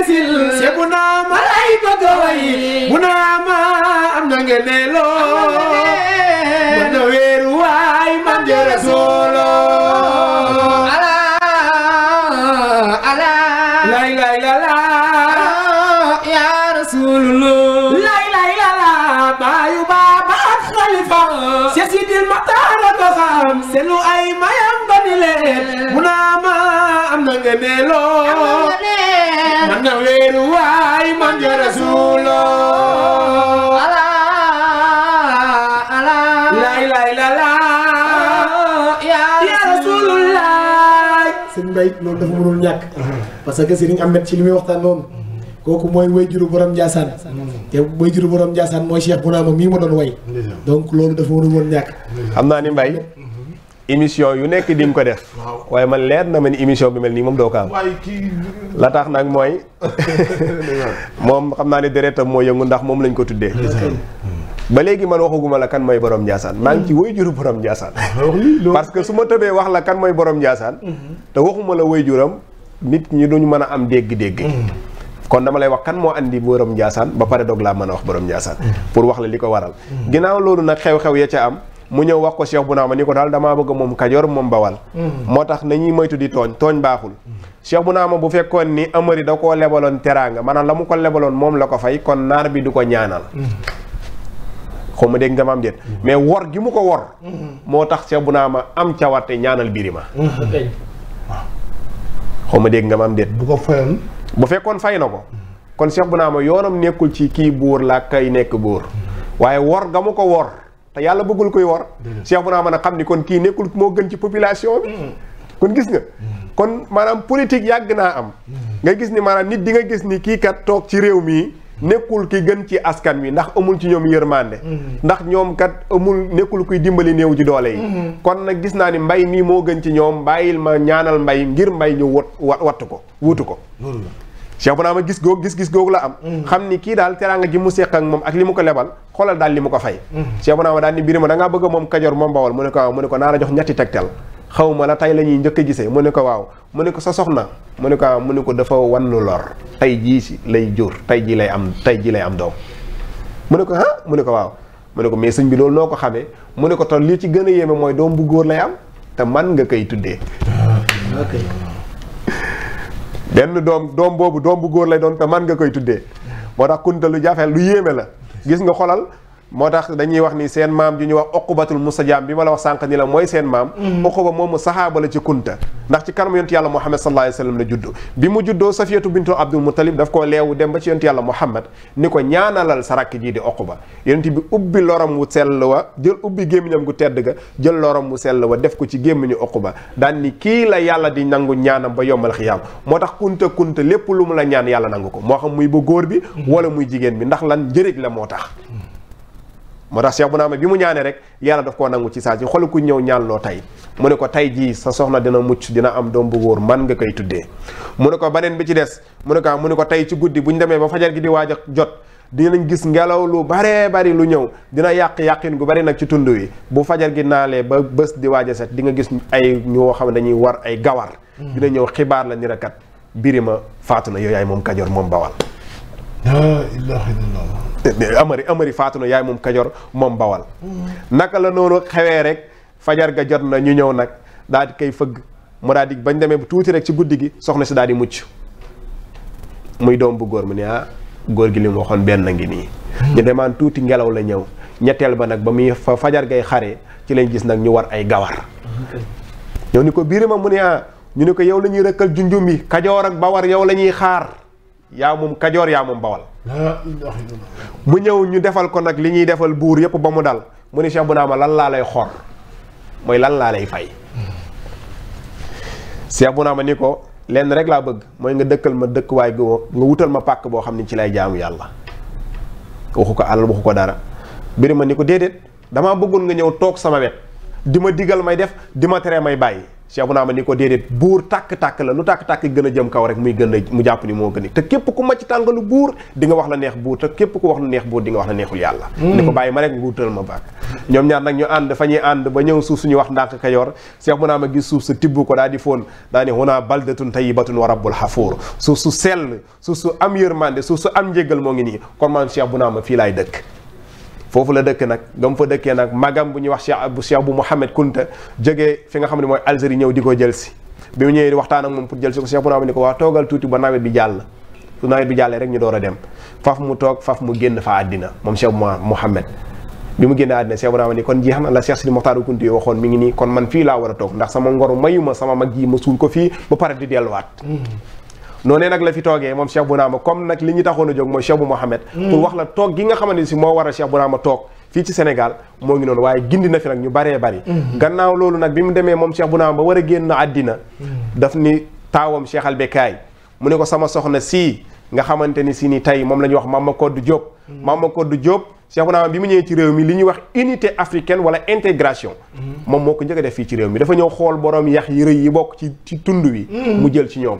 desil se bu naa ma ay bëgg a way bu naa ma am na nga ne loo mën na wéeru waay man jara soolo ala ala lay lay lala ya rasulullah lay lay lala baayu baaba ak xalifa se sidil mataara ko xam senu ay mayam ba ni leen bu naa ma am na man na weeru waay man ja rasuuloo ala ala laay laay la laa oh, yaa rasuulullaah sëñ Mbaye loolu dafa mënul ñàkk parce que Serigne Ahmed ci muy waxtaan noonu kooku mooy wayjuru borom Ndiassane te wayjuru borom Ndiassane mooy Cheikh Bounama mii ma doon way donc loolu dafa mënul woon ñàkk xam naa ni mbay émission yu nek dim ko def. waaye man leer na man émission bi mel nii moom doo ko am. la tax nak moy mom xamna ni ne moy yeungu ndax mom lañ ko tuddé hmm. ba légui man waxuguma la kan moy borom ndiasan maa ngi ci way juru borom ndiasan parce que suma tebe wax la kan moy borom ndiasan mm-hmm. te waxuma la way juram nit ñi duñu mëna am dégg-dégg. Mm-hmm. kon dama lay wax kan mo andi borom ndiasan ba paré dog la mëna wax borom ndiasan mm-hmm. pour wax la liko waral. ginaaw lolu nak xew-xew ya ca am mu ñëw wax ko cheikh bu naama ni ko daal damaa bëgg moom kajoor moom bawal mm. moo tax moytu di tooñ tooñ mm. cheikh bu ni amari da koo lebaloon teraanga maanaam la mu ko lebaloon moom la ko fay kon naar bi du ko ñaanal mm. xaw ma nga maam déet mais wor gi mu ko wor moo cheikh am cawarte ñaanal birima xaw ma dégg nga maam déet bu ko fayoon bu fekkoon fay kon cheikh bu yonam yoonam nekkul ci laka buur laa kay nekk buur wor wor yàlla bëggul koy war Cheikh Bouna mën a xam ni kon kii nekkul moo gën ci population bi hmm. kon gis nga hmm. kon maanaam politique yàgg naa am hmm. nga gis ni maanaam nit di nga gis ni kii kat toog ci réew mii nekkul ki gën ci askan wi ndax amul ci ñoom yërmande ndax ñoom kat amul nekkul kuy dimbali néew ji doole yi kon nag gis naa ni mbay mii moo gën ci ñoom bàyyil ma ñaanal mbay ngir mbay ñu wat wattu ko wutu ko Cheikh Bounama gis googu gis-gis googu la am mm. xam ni kii daal teraanga ji mu seq ak moom ak li mu ko lebal xoolal daal li mu ko fay mm. Cheikh Bounama daal ni mbir ma da ngaa bëgg moom Kajoor moom Bawol ko waaw mu ne ko naa la ma la tey la ñuy njëkk gisee mu ne ko waaw mu ne ko sa soxna mu ne ko waaw mu ne ko dafa wannu lor tey jii si lay jur tey jii lay am tey jii lay am doom mu ne ko ah mu ne ko waaw mu ne ko mais sëñ bi loolu noo ko xamee mu ne ko te li ci gën a yéeme mooy doom bu góor lay am te man nga koy tuddee ah, benn doom doom boobu doom bu góor lay doon te man nga koy tuddee moo tax kunta lu jafeel lu yéeme la gis nga xolal moo tax dañuy wax ni seen maam ju ñuy wax uqubatul mustajaam bi ma la wax sànq ni la mooy seen maam mm-hmm. uquba moomu saxaaba la ci kunta ndax ci kanam yontu yàlla muhammad sallallahu alayhi wasallam la juddu bi mu juddoo safiyatu bintu abdul muttalib daf ko leewu dem ba ci yontu yàlla ni ko ñaanalal sa rakk jii di uquba yonent bi ubbi lorom wu sell wa jël ubbi gémmiñam gu tedd ga jël lorom wu sell wa def ko ci gémmiñu uquba daan ni kii la yàlla di nangu ñaanam ba yombal xiyaam moo tax kunta kunta lépp lu mu la ñaan yàlla nangu ko moo xam muy bu góor bi mm-hmm. wala muy jigéen bi ndax lan njëriñ la moo tax moo tax Cheikh Bounama bi mu ñaanee rek yàlla daf koo nangu ci saa si xool ku ñëw ñaan loo tey mu ne ko tey jii sa soxna dina mucc dina am doom bu góor man nga koy tuddee mu ne ko baneen bi ci des mu ne ko mu ne ko tey ci guddi bu ñu demee ba fajar gi di waaj a jot dinañ gis ngelaw lu baree bari lu ñëw dina yàq yàqin gu bari nag ci tund wi bu fajar gi naalee ba bés di waaj a set di nga gis ay ñoo xam ne dañuy war ay gawar mm. dina ñëw xibaar la ni rakat birima faatu na yow yaay moom Kajoor moom Bawal la ilaha illallah amari amari na yaay moom kajoor bawal naka la fajar ga jot na ñu onak nag daal fag koy fëgg mu daal di bañ demee tuuti rek ci guddi soxna daal di mucc muy bu gor mu ne ah gi li mu waxoon benn ngi ñu tuuti ngelaw la fajar gay kare ci lañ gis war ay gawar ñëw ni ko biirima mu ne ah ñu ne ko yow la junjum bawar yow la khar. yaa moom kajoor yaa moom bawal mu ñëw ñu defal ko nag li ñuy defal buur yépp ba mu dal mu ni Cheikh bu naa ma lan laa lay xor mooy lan laa lay fay Cheikh bu naa ma ni ko lenn rek laa bëgg mooy nga dëkkal ma dëkkuwaay bi nga wutal ma pàkk boo xam ne ci lay jaamu yàlla waxu ko alal waxu ko dara biri ma ni ko déedéet damaa bëggoon nga ñëw toog sama wet di ma digal may def di ma tere may bàyyi Cheikh bu naa ma ni ko déedéet buur tàkk-tàkk la lu tàkk-tàkk gën a jëm kaw rek muy gën a mu jàpp ni moo gën te képp ku macc tàngalu buur di nga wax la neex buur te képp ku wax la neex buur di nga wax la neexul yàlla hmm. ni ko bàyyi ma rek nguutal ma baak ñoom ñaar nag ñu ànd fa ñuy ànd ba ñëw suuf suñu wax ndànk kayoor Cheikh bu naa ma gis suuf sa tibb ko daa di foon daa ni huna baldatun tayyibatun wa rabbul xafuur suuf su sell suuf su am yërmande suuf su am njéggal moo ngi nii kon man Cheikh bu naa ma fii laay dëkk foofu la dëkk nag gam fa dëkkee nag magam bu ñu wax cheikh bu cheikh bu Mouhamed Kunta jógee fi nga xam ne mooy Algérie ñëw di ko jël si bi mu ñëwee waxtaan ak moom pour jël si ko cheikh bu ni ko ba nawet bi jàll nawet bi jàllee rek ñu door a dem faf mu toog faf mu génn fa àddina moom cheikh bu Mouhamed bi mu génn àddina cheikh bu ni kon jeex na la cheikh Sidi Moxtaar Kunta yi waxoon mi ngi nii kon man fii laa war a toog ndax sama ngor mayu ma sama mag yi ma suul ko fii ba pare di delluwaat hmm. noonee nag la fi toogee moom Cheikh ma comme nag li ñu taxoon a jóg mooy Cheikh bu Mohamed mm. pour wax la toog gi nga xamante ni si moo war a Cheikh Bounama toog fii ci Sénégal moo ngi noonu waaye gindi na fi nag ñu baree bari mm. gannaaw loolu nag bi mu demee moom Cheikh Bounama ba war a génn mm. daf ni taawam Cheikh Albekaay mu ne ko sama soxna sii nga xamante ni si ni tey moom la ñuy wax Mama Koddu Diop Mama Koddu Diop Cheikh Bounama bi mu ñëwee ci réew mi li ñuy wax unité africaine wala intégration moom moo ko njëkk a def fii ci réew mi dafa ñëw xool borom yax yi rëy yi bokk ci ci tund wi mu jël ci ñoom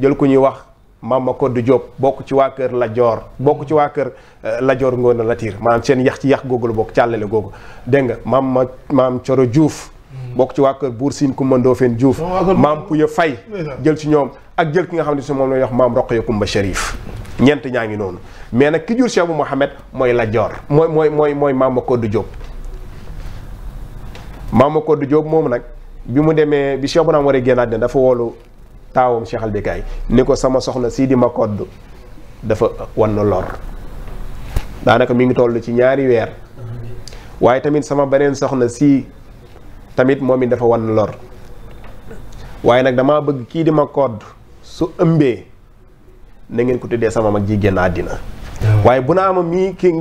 jël ku ñuy wax Mama Codé Diop bokk ci waa kër Lajoor bokk ci waa kër euh, Lajoor ngoon Ngoone Latiir maanaam seen yax ci yax googu la bokk càllale googu dégg nga maam ma maam Coro Diouf. Hmm. bokk ci waa kër Buur Siin Kumba Ndoofeen Diouf. maam Puya Fay jël ci ñoom ak jël ki nga xam ne si moom la ñuy wax maam Roqaya Kumba Sharif. ñeent ñaa ngi noonu mais nag ki jur Cheikh bu Mohamed mooy Lajoor mooy mooy mooy mooy Mama Codé Diop. Mama Codé Diop moom nag bi mu demee bi Cheikh bu naam war a dafa woolu tawum Cheikh Al Bekaay ni sama soxna sidi di dafa wan lor danaka mi ngi toll ci ñaari weer waye tamit sama benen soxna si tamit momi dafa wan lor waye nak dama bëgg ki di makod su ëmbé na ngeen ko tuddé sama mag ji génn àddina waaye bu naa ama ki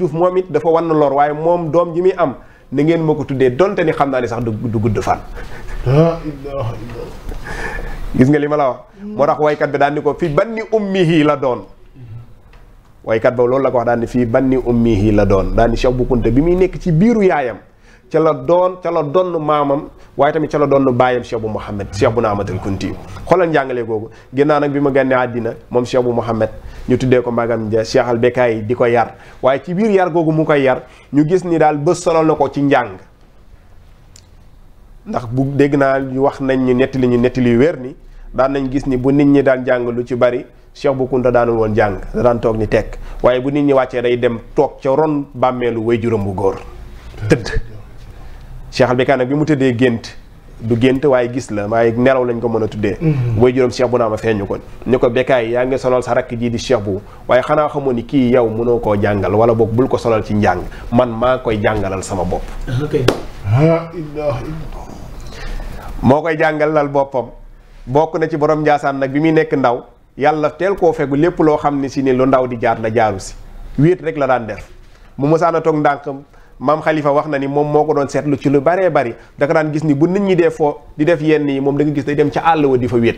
Juuf momit dafa wan lor waye mom dom ji mi am na ngeen mako tuddé donte ni xamna ni sax du gudd fan gis nga lima la wax mo tax ni ko fi banni ummihi la way kat ba lol la ko wax dal ni fi banni ummihi la don dal ni Cheikh bu kunte bi mi nek ci biiru yaayam ci la don ci la don mamam way tamit ci la don bayam Cheikh bu Muhammad, Cheikh bu Naamat al Kunti xolal jangale gogo gina nak bi ma adina mom moom Cheikh bu Muhammad, ñu tuddé ko magam ja Cheikh al bekay di yar way ci biir yar gogo mu koy yar ñu gis ni dal be solo nako ci ndax bu degna ñu wax nañ ñu li ñu ni daan nañ gis ni bu nit ñi daan lucu lu ci bari cheikh bu kunta daan won jang da daan tok ni tek waye bu nit ñi wacce day dem tok ci ron bàmmeelu way juróom bu gor teud cheikh albeka nak bi mu tëddee gënt du gënt waye gis la waye nelaw lañ ko mëna tuddé mm-hmm. way cheikh bu na ma feeñu kon ñuko beka bekkaay yaa ngi sonal sa rak ji di cheikh bu waye xana xamoni ki yaw mëno ko jangal wala bok bul ko sonal ci jang man ma koy jangalal sama ah, ah, illah mo koy jangalal bopam bokk na ci borom njaasaan nag bi muy nekk ndaw yàlla teel koo fegu lépp loo xam ne si ni lu ndaw di jaar la jaaru si wéet rek la daan def mu mosaana toog ndànkam maam xalifa wax na ni moom moo ko doon seetlu ci lu baree bari danga daan gis ni bu nit ñi dee foo di def yenn yi moom da gis day dem ca àll wa di fa wéet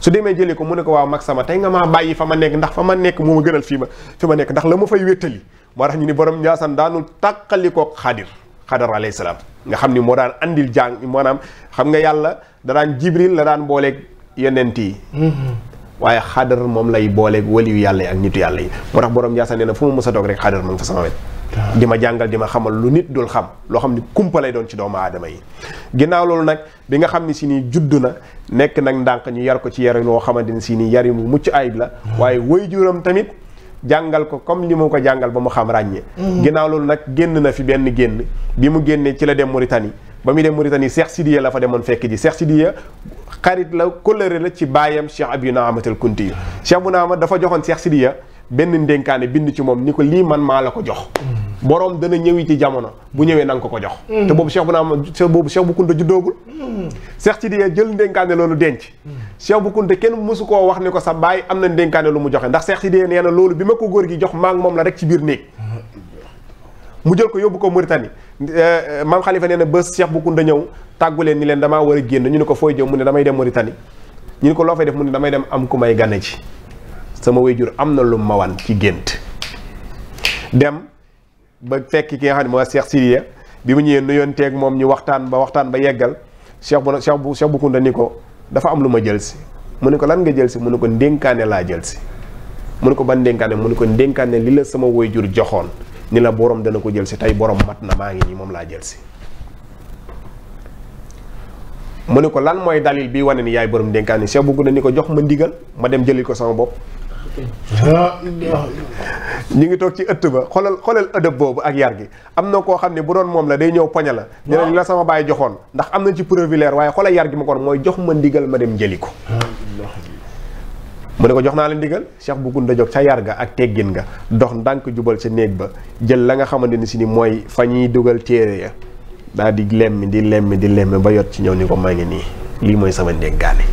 su demee jëli ko mu ne ko waaw mag sama tey nga maa bàyyi fa ma nekk ndax fa ma nekk moo ma gënal fii ma fi ma nekk ndax la ma fay wéttali moo tax ñu ni borom njaasaan daanul tàqali ko xaadir xadar alayhi salaam nga xam ni moo daan andil jàng maanaam xam nga yàlla da daan jibril la daan booleeg yonent yi mm-hmm. waaye xadar moom lay booleeg waliyu yàlla yi ak nitu yàlla yi moo tax borom jaasa nee na fu mu mës a toog rek xadar mu ngi fa sama wet di ma jàngal di ma xamal lu nit dul xam loo xam ni kumpa lay doon ci doomu aadama yi ginnaaw loolu nag bi nga xam ni si ni judd na nekk nag ndànk ñu yar ko ci yarin woo xamante ni si ni yarin mu mucc ayib la mm-hmm. jàngal ko comme ni mu ko jàngal ba mu xam ràññee. Mhm. ginnaaw loolu nag génn na fi benn génn bi mu génnee ci la dem Mauritanie ba muy dem Mauritanie Cheikh Sidiya la fa demoon fekk ji Cheikh Sidiya xarit la kóllëre la ci baayam Cheikh Abou Naamatul Kunti Cheikh Abou Naama dafa joxoon Cheikh Sidiya benn ndénkaane bind ci moom ni ko lii man maa la ko jox boroom dana ñëwi ci jamono bu ñëwee na ko ko jox te boobu cheikh bu naam boobu cheikh bu kunta juddoogul cheikh ci di jël ndénkaane loolu denc cheikh bu kunta kenn mësu koo wax ni ko sa baay am na ndénkaane lu mu joxe ndax cheikh ci di nee na loolu bi ma ko góor gi jox maa moom la rek ci biir néeg mu jël ko yóbbu ko Mauritanie eh, maam xalifa nee na bés cheikh bu kunta ñëw tàggu leen ni leen damaa war a génn ñu ne ko fooy jëm mu ne damay dem Mauritanie ñu ne ko loo def mu ne damay dem am ku may gane ci sama wayjur amna lu mawan ci gent dem ba fekk ki nga xam ne Cheikh sidia bi mu nuyonté ak mom ñu waxtaan ba waxtaan ba yeggal Cheikh bu Cheikh bu Cheikh bu kunda niko dafa am lu jël si mu niko lan nga jël si mu niko ko la jël si mu niko ko ban ndenkané mu niko ko li la sama wayjur joxoon ni la borom dana ko jël si tay borom mat na maa ngi nii moom jël si mu niko lan moy dalil bi wane ni yaay borom ndenkané Cheikh bu kunda niko ko jox ma ndigal ma dem jëlil ko sama bop ñu ngi toog ci ëtt ba xoolal xoolal ëdëb boobu ak yar gi am na koo xam ne bu doon moom la day ñëw poña la ñeneen la sama baay joxoon ndax am na ci provilaire waaye xoolal yar gi ma kon mooy jox ma ndigal ma dem jëli ko mu ne ko jox naa la ndigal Cheikh bu gunda jox ca yar ga ak teggin nga dox ndànk jubal sa néeg ba jël la nga xamante ni si ni mooy fa ñuy dugal téere ya daal di lemmi di lemmi di lemmi ba yot ci ñëw ni ko maa ngi nii lii mooy sama ndéggaane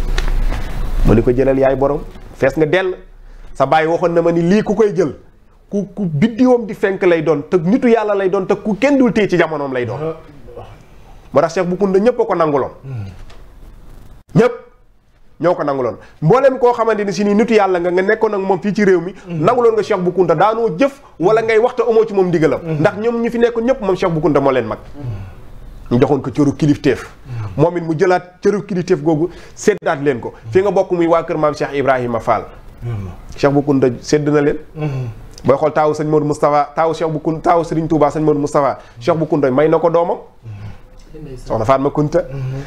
mu ne ko jëlal yaay borom fees nga dell sa baay waxoon na ma ni lii ku koy jël ku ku biddiwam di fenk lay doon teg nitu yàlla lay doon teg ku kenn dul téye ci jamonoom lay doon moo tax Cheikh Boukounda ñëpp a ko nanguloon ñëpp ñoo ko nanguloon mboolem koo xamante ni si nii nitu yàlla nga nga nekkoon ak moom fii ci réew mi mm-hmm. nanguloon nga Cheikh Boukounda daanoo jëf wala ngay waxta amoo ci moom ndigalam mm-hmm. ndax ñoom ñu fi nekkoon ñëpp moom Cheikh Boukounda moo leen mag mm-hmm. ñu joxoon ko cëru kilifteef moom it mu jëlaat cëru kilifteef googu seddaat leen ko fi nga bokk muy waa kër maam Cheikh Ibrahima Fall Cheikh Bou Kounta sédd na leen booy xool taawu sëñ Modou Moustapha taawu Cheikh Bou Kounta taawu Serigne Touba sëñ Modou Moustapha Cheikh Bou Kounta may na ko doomam soxna Fatma Kounta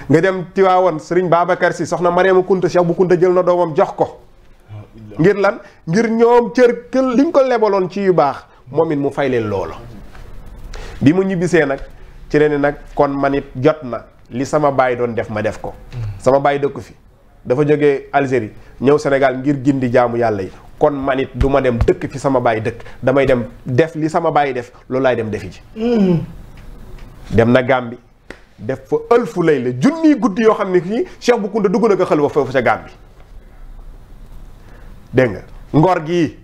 nga dem Tiwaawoon Serigne Babacar Sy soxna Mariama Kounta Cheikh Bou Kounta jël na doomam jox ko ngir lan ngir ñoom cër kël liñ ko lebaloon ci yu baax moom it mu fay leen loola bi mu ñibbisee nag ci leen nag kon ma it jot na li sama baay doon def ma def ko sama baay dëkk fi dafa jóge Algérie ñëw Sénégal ngir gindi jaamu yàlla yi kon man it du ma dem dëkk fi sama baay dëkk damay dem def li sama baay def loolu laay dem defi ji. Mm-hmm. dem na Gàmbi def fa ëlfu lay la junniy guddi yoo xam ne fii Cheikh Bou Kounta dugg na ko xalwa foofu ca ngor gii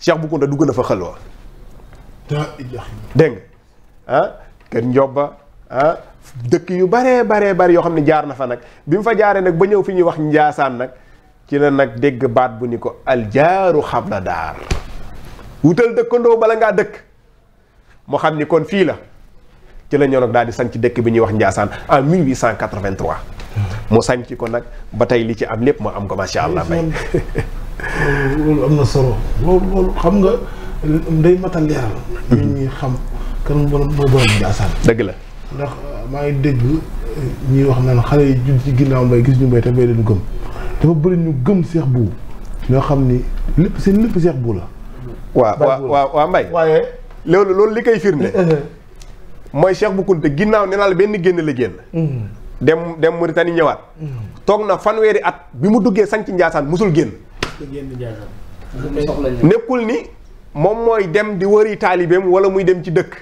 Cheikh Bou Kounta dugg na fa xalwa ah kër Njoba ah, dëkk yu baree baree bari yoo xam ne jaar na fa nag bi mu fa jaaree nag ba ñëw fi ñuy wax njaasaan nag ci la nag dégg baat bu ni ko aljaaru xabla daar wutal dëkkandoo bala ngaa dëkk mu xam ni kon fii la ci la ñoo nag daal di sañ ci dëkk bi ñuy wax njaasaan en 1883 mu sañ ci ko nag ba tey li ci am lépp moo am ko macha allah bay loolu am na solo xam nga day matal mhm. xam kan mooy borom njaasaan dëgg la maa ngi dégg eh, ñuy wax naan xale yi judd ci ginnaaw mbay gis ñu mbay te mbay leen gëm dafa ñu gëm seex bu ñoo xam ni lépp seen lépp seex bu la. waa waaw waaw mbay loolu loolu li koy firnde. Uh-huh. mooy Cheikh bu Kounta ginnaaw ne naa la benn génn la génn. Uh-huh. dem dem Mauritanie ñëwaat. Uh-huh. toog na fanweeri at bi mu duggee sanc Njaasaan musul génn. nekkul ni moom mooy dem di wëri taalibeem wala muy dem ci dëkk.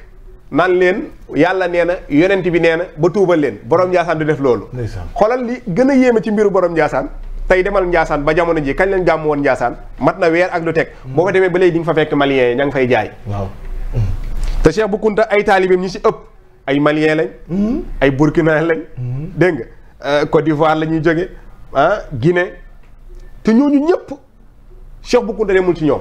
nan leen yàlla nee na yonent bi nee na ba tuubal leen borom Ndiassane du def loolu. xoolal li gën a yéeme ci mbiru borom Ndiassane. tey demal Ndiassane ba jamono ji kañ leen gàmm woon Ndiassane mat na weer ak lu teg. Hmm. boo ko demee ba léegi di fa fekk malien yi ña fay jaay. waaw te Cheikh Bou Kounta ay taalibeem ñi si ëpp ay malien lañ. Hmm. ay burkina lañ. Hmm. dégg nga euh, Côte d'Ivoire la ñuy jóge ah, gine te ñooñu ñëpp Cheikh Bou demul ci ñoom.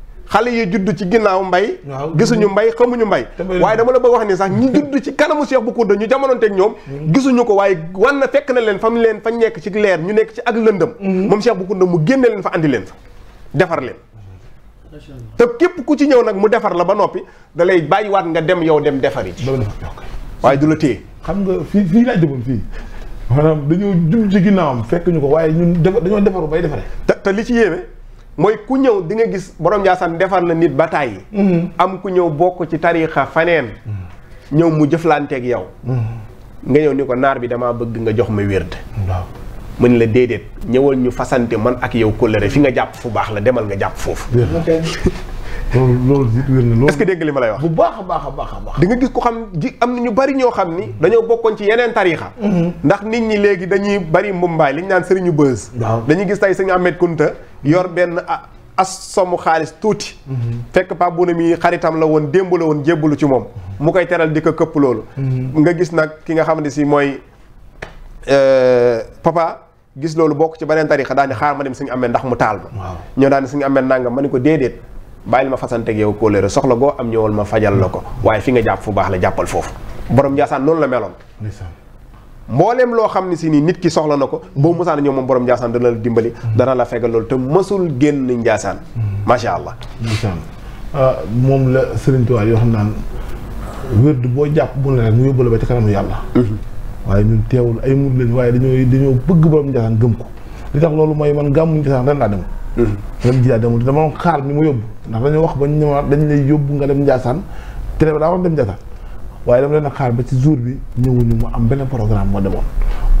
xale yi judd ci ginnaaw mbay gisuñu mbay xamuñu mbay waaye dama la bëgg wax ni sax ñi judd ci kanamu Cheikh Bou Kounta ñu jamonoonteeg ñoom mm-hmm. gisuñu ko waaye wan na fekk na leen fa fam leen fañ nekk ci leer ñu nekk ci ak lëndëm mm-hmm. moom Cheikh Bou Kounta mu génne leen fa andi leen fa defar leen te képp ku ci ñëw nag mu defar la ba noppi dalay lay bàyyiwaat nga dem yow dem defar yi waaye du la téye xam nga fii fii laa jëmoon fii maanaam dañoo judd ci ginnaawam fekk ñu ko waaye ñun dañoo defaru bay defaree te li ci yéeme mooy ku ñëw di nga gis borom Ndiassane defar la nit ba tàyyi mm-hmm. am ku ñëw bokk ci tariixa faneen mm-hmm. ñëw mu jëflanteek yow mm-hmm. nga ñëw ni ko naar bi damaa bëgg nga jox ma wérd mu mën la déedéet ñëwal ñu fasante man ak yow kóllëre fi nga jàpp fu baax la demal nga jàpp foofu loolu loolu it dégg li ma lay wax bu baax a baax a baax a baax di gis ko xam ji am na ñu bari ñoo xam ni dañoo bokkoon ci yeneen tarixa ndax nit ñi léegi dañuy bari mbumbaay li ñu naan sëriñu bës dañuy gis tey sëñ Ahmed Kunta yor benn as somm xaalis tuuti fekk Pape Bouna mi xaritam la woon démb la woon jébbalu ci moom mu koy teral di ko këpp loolu nga gis nag ki nga xam xamante si mooy euh, papa gis loolu bokk ci beneen tarixa daal ni xaar ma dem suñu amee ndax mu taal ma ñoo daal ni suñu amee nangam ma ne ko déedéet bàyyil ma fasanteeg yow kóolóore soxla goo am ñëwal ma fajal la ko waaye fi nga jàpp fu baax la jàppal foofu borom Njaasaan noonu la meloon mbooleem loo xam ne si nii nit ki soxla na ko boo mosaan ñëw moom borom Ndiassane dana la dimbali mm-hmm. dana la fegal loolu te mësul génn Ndiassane mm-hmm. macha allah ah, moom la Serigne Touba yoo xam naa naan wérdu boo jàpp bu ne rek mu yóbbu la ba ci kanamu yàlla mm-hmm. waaye ñun teewul ay mur lañ waaye dañoo dañoo bëgg borom Ndiassane gëm ko li tax loolu mooy man gàmmu Ndiassane ren laa dem ren ji laa demul dama xaar ni mu yóbbu ndax dañoo wax ba ñu dañu lay yóbbu nga dem Ndiassane te daa war waaye dama leen a xaar ba ci jour bi ñëwuñu mu am benn programme moo demoon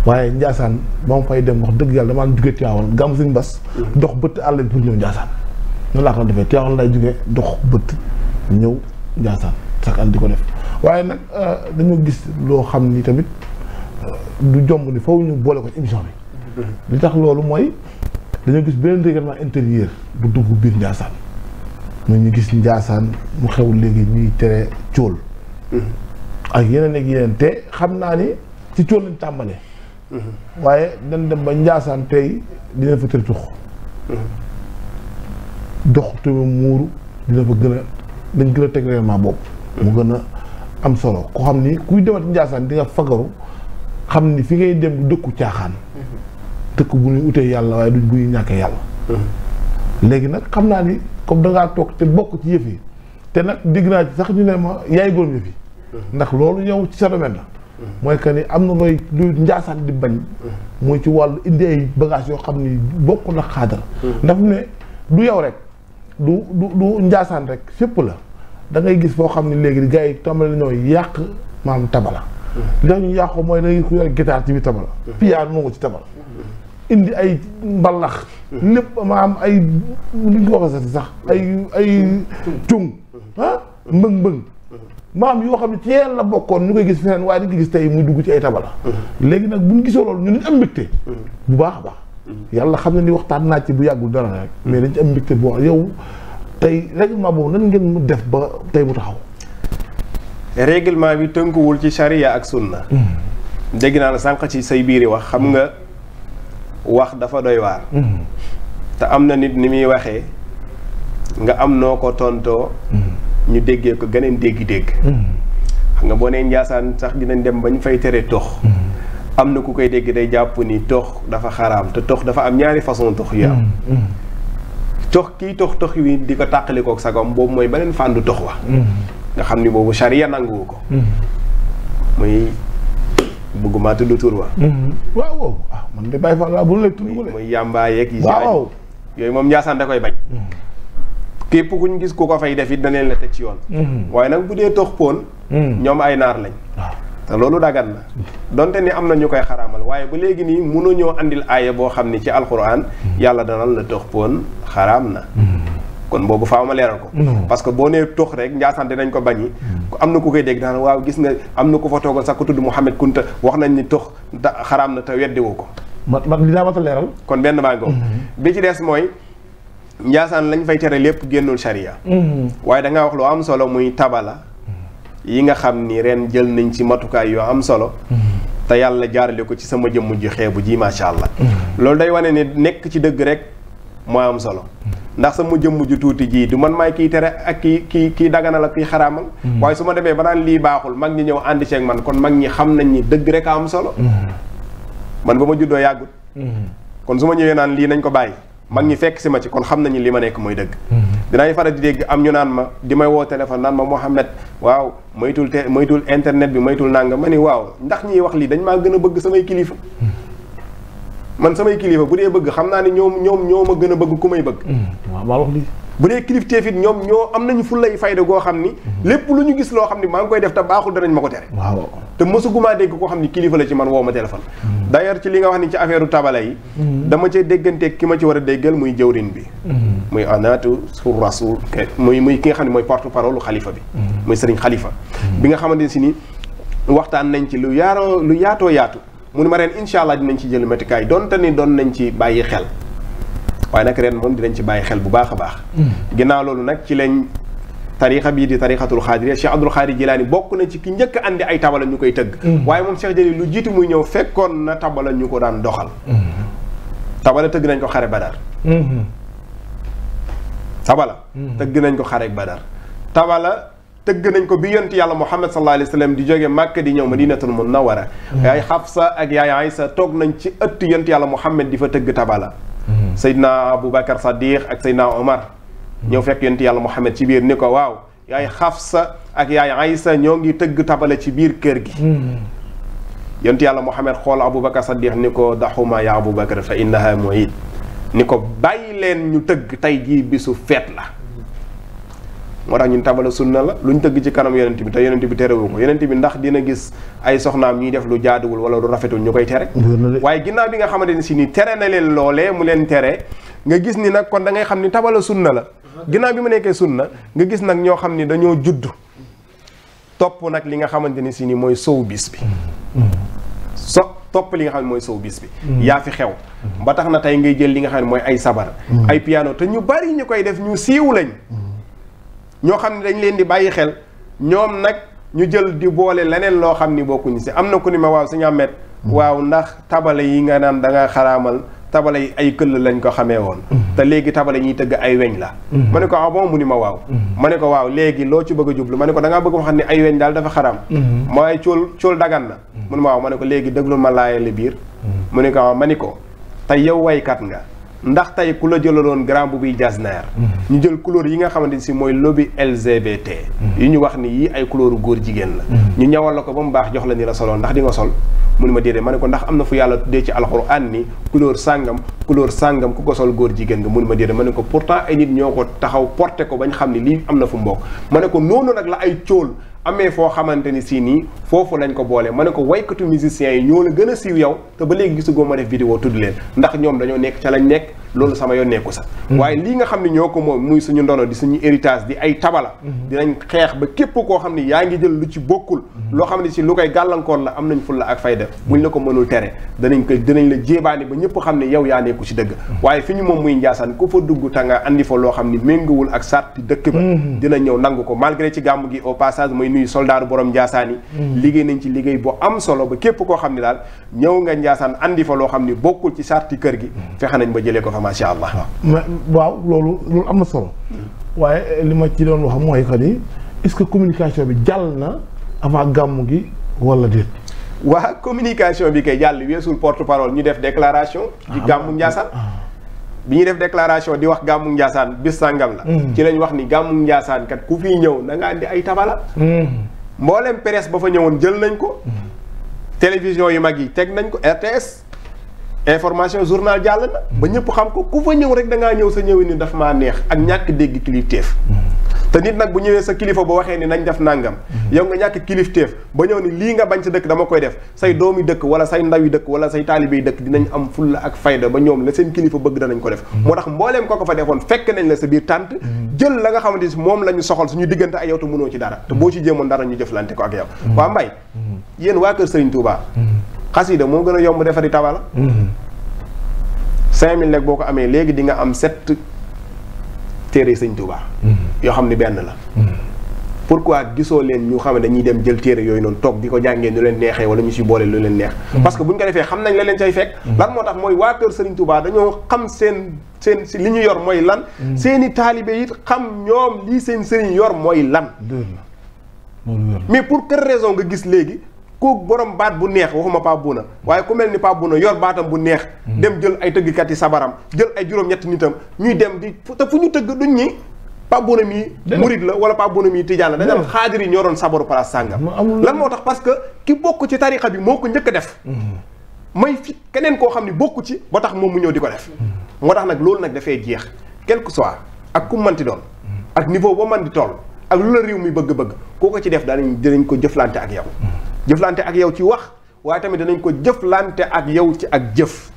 waaye Ndiassane ba ma fay dem wax dëgg yàlla damaa jugee Tivaouane gàmm si bas dox bëtt àll bi pour ñëw Ndiassane noonu laa ko defee Tivaouane lay jugee dox bëtt sax di ko def waaye nag euh, dañoo gis loo xam ni tamit euh, du jomb ni foofu ñu boole émission bi li tax loolu mooy dañoo gis beneen règlement intérieur bu dugg biir Ndiassane mu ñu gis Ndiassane mu xew léegi ñuy tere cóol ak yeneen ak yeneen te xam naa ni ci cóol lañ tàmbale mm-hmm. waaye dañ dem ba njaasaan tey dina fa tër tux dox mm-hmm. tamit muuru dina fa gën a dañ gën a teg réellement bopp mu mm-hmm. gën a am solo ko xam ni kuy demati njaasaan di nga fagaru fi ngay dem dëkku caaxaan dëkk bu ñuy utee yàlla waaye du bu ñuy ñàkkee yàlla léegi nag xam naa ni comme dangaa toog te bokk ci yëf yi te nag dégg naa sax ñu ne ma yaay borom yëf yi ndax loolu yow ci sa domaine la. mooy que ni am na looy lu njaasaan di bañ. mooy ci wàll indi ay bagages yoo xam ni bokk na xaadar. ndax ne du yow rek du du du njaasaan rek fépp la dangay gis foo xam ne léegi gars yi tàmbali nañoo yàq maam tabala. li tax ñu yàq mooy da ngay ku yore guitare ci biir tabala. piano ci tabala. indi ay mbalax lépp maam ay li ñu ko waxee sax ay ay cung ah, mbëng mbëng. maam yoo xam ne ci yeneen la bokkoon ñu koy gis feneen waaye dañ ko gis tey muy dugg ci ay tabala léegi nag buñ gisoo loolu ñu dañ am mbégte bu baax a baax yàlla xam ne ni waxtaan naa ci bu yàggul dara rek mais dañ boo yow tey règlement boobu nan mu def ba tey mu taxaw règlement bi tënkuwul ci charia ak sunna hmm. dégg naa la sànq ci say biiri wax xam nga hmm. wax dafa doy waar hmm. te am na nit ni muy waxee nga am noo ko tontoo ñu déggee ko geneen dégg-dégg. xam nga boo nee njaasaan sax dinañ dem bañ fay tere tox. am na ku koy dégg day jàpp ni tox dafa xaram te tox dafa am ñaari façon tox yu am. tox kii tox tox wi di ko tàqalikook sagom boobu mooy beneen fàndu tox wa. nga xam ni boobu charia nanguwu ko. muy bëgguma tudd tur wa. waaw waaw ah, man de bàyyi fa laa muy yàmbaa yi. waaw yooyu moom njaasaan da koy bañ. képp kuñ gis ku ko fay def it daneen la teg ci yoon mm-hmm. waaye nag bu dee tox poon mm-hmm. ñoom ay naar lañ ah. te loolu dagan na mm-hmm. donte ni am na ñu koy xaraamal waaye ba léegi nii mënuñoo andil aaya boo xam ni ci alxuraan yàlla danal la tox poon xaraam na kon boobu faaw leeral ko parce boo nee tox rek njaasante nañ ko bañi am na ku koy dégg daan waaw gis nga am na ku fa toogoon sax ku tudd Mouhamed Kunta wax nañ ni tox xaraam na te weddiwu ko man man li daa mat a leeral kon benn baa ngoog bi njaasaan lañ fay tere lépp génnul sharia hmm. waaye da nga wax lu am solo muy tabala hmm. yi nga niren ni ren jël nañ ci matukaay yu am solo hmm. te yàlla jaarale ko ci sama jëmm ji xeebu ji macha allah loolu day wane ne nekk ci dëgg rek moo am solo ndax sama jëmm ju ji du man kii tere ak kii kii kii dagana ak kii xaraamal waaye su ma ba naan lii baaxul mag ñi man kon mag ñi xam nañ ni dëgg rek am solo man ba ma yagut kon su ma ñëwee naan nañ ko man ñi fekk si ma ci kon xam nañu li ma nekk mooy dëgg dinaay faral di dégg am ñu naan ma di may woo téléphone naan ma Mouhamed waaw moytul te moytul internet bi moytul nanga ma ni waaw ndax ñiy wax lii dañ maa gën a bëgg samay kilifa man samay kilifa bu dee bëgg xam naa ne ñoom ñoom ñoo ma gën a bëgg ku may bëgg hmm. waaw maa wax lii bu dee kilifteef it ñoom ñoo am nañu fulay fayda goo xam ni mhm. lépp lu ñu gis loo xam ni maa ngi koy def te baaxul danañ ma ko tere waaw te mësugumaa dégg ko xam ni kilifa la ci man woo ma téléphone mhm. d'ailleurs li nga wax ni ci affaire u mhm. dama cay déggante ki ma ci war a déggal muy jëwrin bi muy anaatu sur rasul muy muy ki nga xam ne mooy porte parole xalifa bi muy sëriñ xalifa bi xamante si ni waxtaan nañ ci lu yaaroo lu yaatoo yaatu mu ne ma reen incha allah dinañ ci jël métikaay donte ni doon nañ ci bàyyi xel waaye nak ren moom dinañ ci baye xel bu baax a baax ginnaaw loolu nag ci lañ tarixa bi di tarixatul xaadiriya Cheikh Abdul khadir jilani bokku na ci ki ñeuk andi ay tabala ñu koy tëgg waaye moom Cheikh Jëli lu jitu muy ñëw fekkon na tabala ñu ko daan doxal tabala teug nañ ko xare badar tabala teug nañ ko xare badar tabala teug nañ ko bi yonent yàlla muhammad sallallahu alayhi wasallam di jóge Màkka di ñëw madinatul munawwara ay hafsa ak yaay aisha tok nañ ci eut yonent yàlla muhammad di fa teug tabala Mhm. Seydina Aboubacar Saddiq ak Seydina Omar. Mhm. ñëw fekk yonent yàlla Muhammad ci biir ni ko waaw yaay xaf sa ak yaay Aysa ñoo ngi tëgg tabale ci biir kër gi. Mhm. yonent yàlla Muhammad xool Aboubacar Saddiq ni ko daxuma ya Aboubacar fa innaha muid ni ko bàyyi leen ñu tëgg tey jii bisu feet la. motax ñun tabala sunna la luñ teug ci kanam yonent bi te yonent bi téré wuko yonent bi ndax dina gis ay soxnaam ñi def lu jaadul wala lu rafetul ñukay téré waye ginnaw bi nga xamanteni ni si ni téré na leen lolé mu leen téré nga gis ni nak kon da ngay xamni sunna la ginnaw bi mu nekké sunna nga gis nak ño xamni judd top nak li nga xamanteni ni moy sow bis bi so top li nga xamni moy sow bis bi ya fi xew ba tax na tay ngay jël li nga xamni moy ay sabar mm. ay piano te ñu bari ñukay def ñu siiw lañ mm. ñoo xam ne dañ leen di bàyyi xel ñoom nag ñu jël di boole leneen loo xam ni bokkuñu si am na ku ni ma waaw suñu amet mm-hmm. waaw ndax tabale yi nga naan da nga xaraamal tabale yi ay këll lañ ko xamee woon mm-hmm. te léegi tabale ñuy tëgg ay weñ la mm-hmm. ma ne ko ah mu ni ma waaw ma ne ko waaw léegi loo ci bëgg a jublu ma ne ko da bëgg ma xam ne ay weñ daal dafa xaraam mooy cool cool dagan na mu ne ma waaw ma ne ko léegi déglu ma laayale biir mu ne ko ma ni ko te yow waykat nga ndax tey ku la jëlaloon grand bu jaas jasner mhm. ñu jël couleur yi nga xamante si mooy lobby LGBT mhm. yu ñu wax ni yii ay couleur góor jigéen la mhm. ñu ñawal la ko ba mu baax jox la ni la soloon ndax di nga sol mu ni ma déedéet ma ne ko ndax am na fu yàlla dee ci alxuraan ni couleur sàngam couleur sàngam ku ko sol góor jigéen nga mu ni ma déedéet ma ne ko pourtant ay nit ñoo ko taxaw porté ko bañ xam ni lii am na fu mbokk ma ne ko noonu nag la ay cóol amee foo xamante ni si nii foofu lañ ko boole ma ne ko waykatu musiciens yi ñoo la gën a siiw yow te ba léegi gisugoo ma def vidéo tudd leen ndax ñoom dañoo nekk ca lañ nekk loolu sama yoon nekku sax hmm. waaye lii nga xam ne ñoo ko moom muy suñu ndono di suñu héritage di ay tabala hmm. dinañ xeex ba képp koo xam ne yaa ngi jël lu ci bokkul hmm. loo xam ne si lu koy gàllankoor la am nañ fulla ak fayda buñ la ko mënul tere danañ koy dinañ la jéebaani ba ñëpp xam ne yow yaa nekku si dëgg waaye fi ñu moom muy njaasaan ku fa dugg ta nga andi fa loo xam ne méngoowul ak sarti dëkk ba dinañ ñëw nangu ko malgré ci gàmm gi au passage mooy nuyu soldaaru borom njaasaan yi liggéey nañ ci liggéey bu am solo ba képp koo xam ne daal ñëw nga njaasaan andi fa loo xam ne bokkul ci sarti kër gi fexe nañ ba jëlee ko fa macha allah. waaw loolu loolu am na solo. waaye eh, li ma ci doon wax mooy que ni est-ce que communication bi jàll na avant gàmmu gi wala déet. waa communication bi koy jàll weesul porte parole ñu def déclaration. di ah, gàmmu Ndiassane. Ah, ah. bi ñu def déclaration di wax gàmmu Ndiassane bis sàngam la. Mm. ci lañu wax ni gàmmu Ndiassane kat ku fi ñëw na nga andi ay tabala. Mm. mboolem presse ba fa ñëwoon jël nañ ko. Mm. télévision yu mag yi teg nañ ko RTS. information journal jàll na ba ñëpp xam ko ku fa ñëw rek da ngaa ñëw sa ñëwin ni daf maa neex ak ñàkk dégg kilifteef te nit nag bu ñëwee sa kilifa ba waxee ni nañ def nàngam yow nga ñàkk kilifteef ba ñëw ni lii nga bañ sa dëkk dama koy def say doomi dëkk wala say ndaw yi dëkk wala say taalibe yi dëkk dinañ am fulla ak fayda ba ñoom la seen kilifa bëgg danañ ko def moo tax mbooleem ko ko fa defoon fekk nañ la sa biir tànt jël la nga xamante si moom la ñu soxal suñu diggante ak yow mënoo ci dara te boo ci jéemoon dara ñu jëflante ko ak yow mm. waa mm. yéen waa kër Serigne xasida yomb tabala. 5000 mhm. lek boko amé légui di nga am sept téré seigne Touba. hmm yo xamni la. Mhm. pourquoi gisoo 000 ñu xam dem jël téré yoy non tok diko ko ñu leen wala ñu ci lu mhm. parce que si ko défé xamnañ la leen say fek lan vous moy mooy waa Touba dañoo xam sen sen si li yor moy lan. mais pour quelle raison nga gis ku borom baat bu neex waxuma Pape Bouna waaye ku mel ni Pape Bouna yor baatam bu neex mm-hmm. dem jël ay tëggkat yi sabaram jël ay juróom-ñetti nitam ñuy dem di te fu ñu tëgg duñ ñi Pape Bouna mii murid la wala Pape Bouna mii tijaan la dañ am xaadir yi ñoo doon sabaru place sàngam lan moo tax parce que ki bokk ci tarixa bi moo ko njëkk def mm-hmm. may fit keneen koo xam ne bokku ci ba tax moom mu ñëw di ko def mm-hmm. moo tax nag loolu nag dafay jeex quel que ak ku manti doon ak niveau ba man di toll ak lu la réew mi bëgg-bëgg koo ko ci def danañ dinañ ko jëflante ak yow jëflante ak yow ci wax waaye tamit danañ ko jëflante ak yow ci ak jëf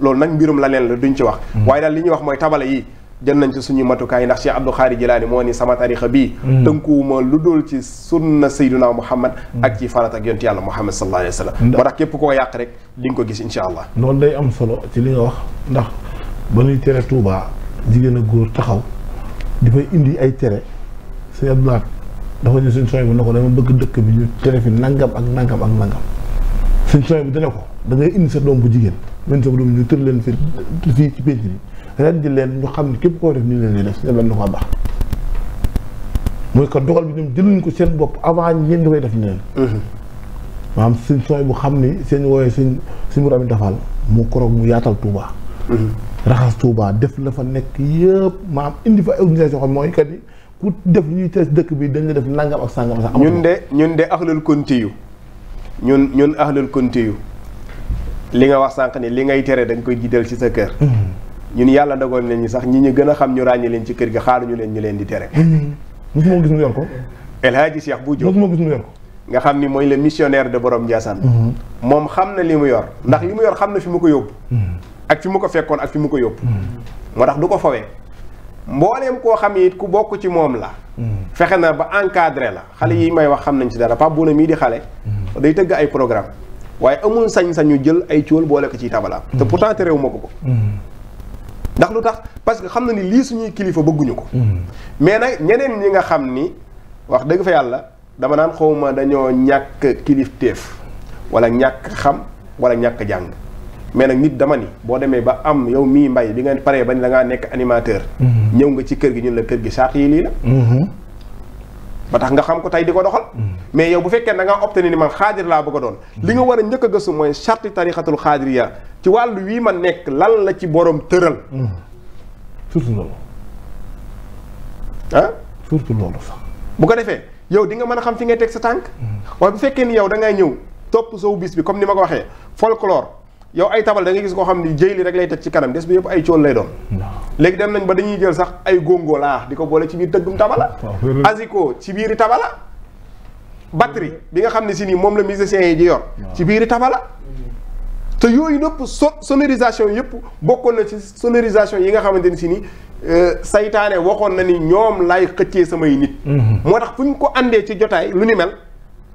loolu nag mbirum la leen la duñ ci wax waaye daal li ñuy wax mooy tabale yi den nañ ci suñu matukaay ndax Cheikh Abdou Khari Jilaani moo ni sama tarixa bii mm. tënkuwuma lu dul ci sunna sayyiduna Muhammad mm. ak ci farat ak yonti yàlla Muhammad sallallahu alayhi wa sallam moo tax képp koo yàq rek di nga ko gis insha allah loolu day am solo ci li nga wax ndax ba ñuy tere Tuubaa jigéen a góor taxaw dafay indi ay tere dafa ñu suñ sooy bu ne ko dama bëgg dëkk bi ñu tere fi nangam ak nangam ak nangam suñ sooy bu dana ko da ngay indi sa doom bu jigéen indi sa doom ñu leen fi fii bi ren ji leen ñu xam ne képp koo def nii leen def suñu lan na mooy ko dogal bi ñoom jëluñ ko seen bopp avant ñeen di koy def ni leen maanaam mhm. suñ sooy bu xam ni seen wooyee suñ suñ mu rami mu koroog mu yaatal Touba mhm. raxas Touba def la fa nekk yëpp maanaam indi fa organisation xam mooy kat yi ku def ñuy te dëkk bi dañ la def nangam ak sangam sax. ñun de ñun de axlul kontiyu ñun ñun axlul kontiyu li nga wax sànq ni li ngay tere da koy jiital ci sa kër. Hmm. ñun yàlla dogal nañu sax ñi ñu gën a xam ñu ràññee leen ci kër gi xaaruñu leen ñu leen di tere. Hmm. mosuma gis mu yor ko. El Hadji Cheikh bu Diop mosuma gis mu yor ko. nga xam ni mooy leen missionnaire de borom Ndiassane. Hmm. moom xam na li mu yor. ndax li mu yor xam na fi mu ko yóbbu. ak fi mu ko fekkoon ak fi mu ko yóbbu. moo du ko fawee. mbooleem koo xam ne it ku bokk ci moom la. Hmm. fexe na ba encadré la xale yi may wax xam nañ si dara Pape Bouna mii di xale. Hmm. day tëgg ay waaye amul sañ-sañu jël ay cóol boole ko ciy tabalaam. te hmm. pourtant ma ko ko. lu tax parce que xam na ni lii suñuy kilifa bëgguñu ko. mais nag ñeneen ñi nga xam ni wax dëgg fa yàlla dama naan xawma dañoo ñàkk kilifteef wala ñàkk xam wala ñàkk jàng. mais nak nit dama ni bo demee ba am yow mi mbay bi nga paré bañ la nga nek animateur. Mhm. ñew nga ci kër gi ñun la kër gi sax yi li la. Mhm. ba tax nga xam ko tay diko doxal. Mhm. mais yow bu fekkee da nga obtenir ni man khadir la bëgg a doon. li nga wara a njëkk a charti tariqatul khadiriya ci walu wi man nek lan la ci borom teural surtout loolu. ah. surtout loolu sax. bu ko défé yow di nga mëna a xam fi ngay tek sa tank waaye bu fekkee ni yow da nga ñëw top sow bis bi comme ni ma ko folklore. yow ay tabal dangay nga gis koo xam ni jëyli rek lay teg ci kanam des bi yëpp ay coon lay doon léegi dem nañ ba dañuy jël sax ay góngolaa di ko boole ci biir tëggum tabala asiko ci biiri tabala batterie bi nga xam ne si nii moom la musiciens yi di yor ci biiri tabala te yooyu nëpp so sonorisation yëpp bokkoon na ci sonorisation yi nga xamante ni si ni euh, saytaane waxoon na ni ñoom lay xëccee samay nit mm-hmm. moo tax fu ñu ko àndee ci jotaay lu ni mel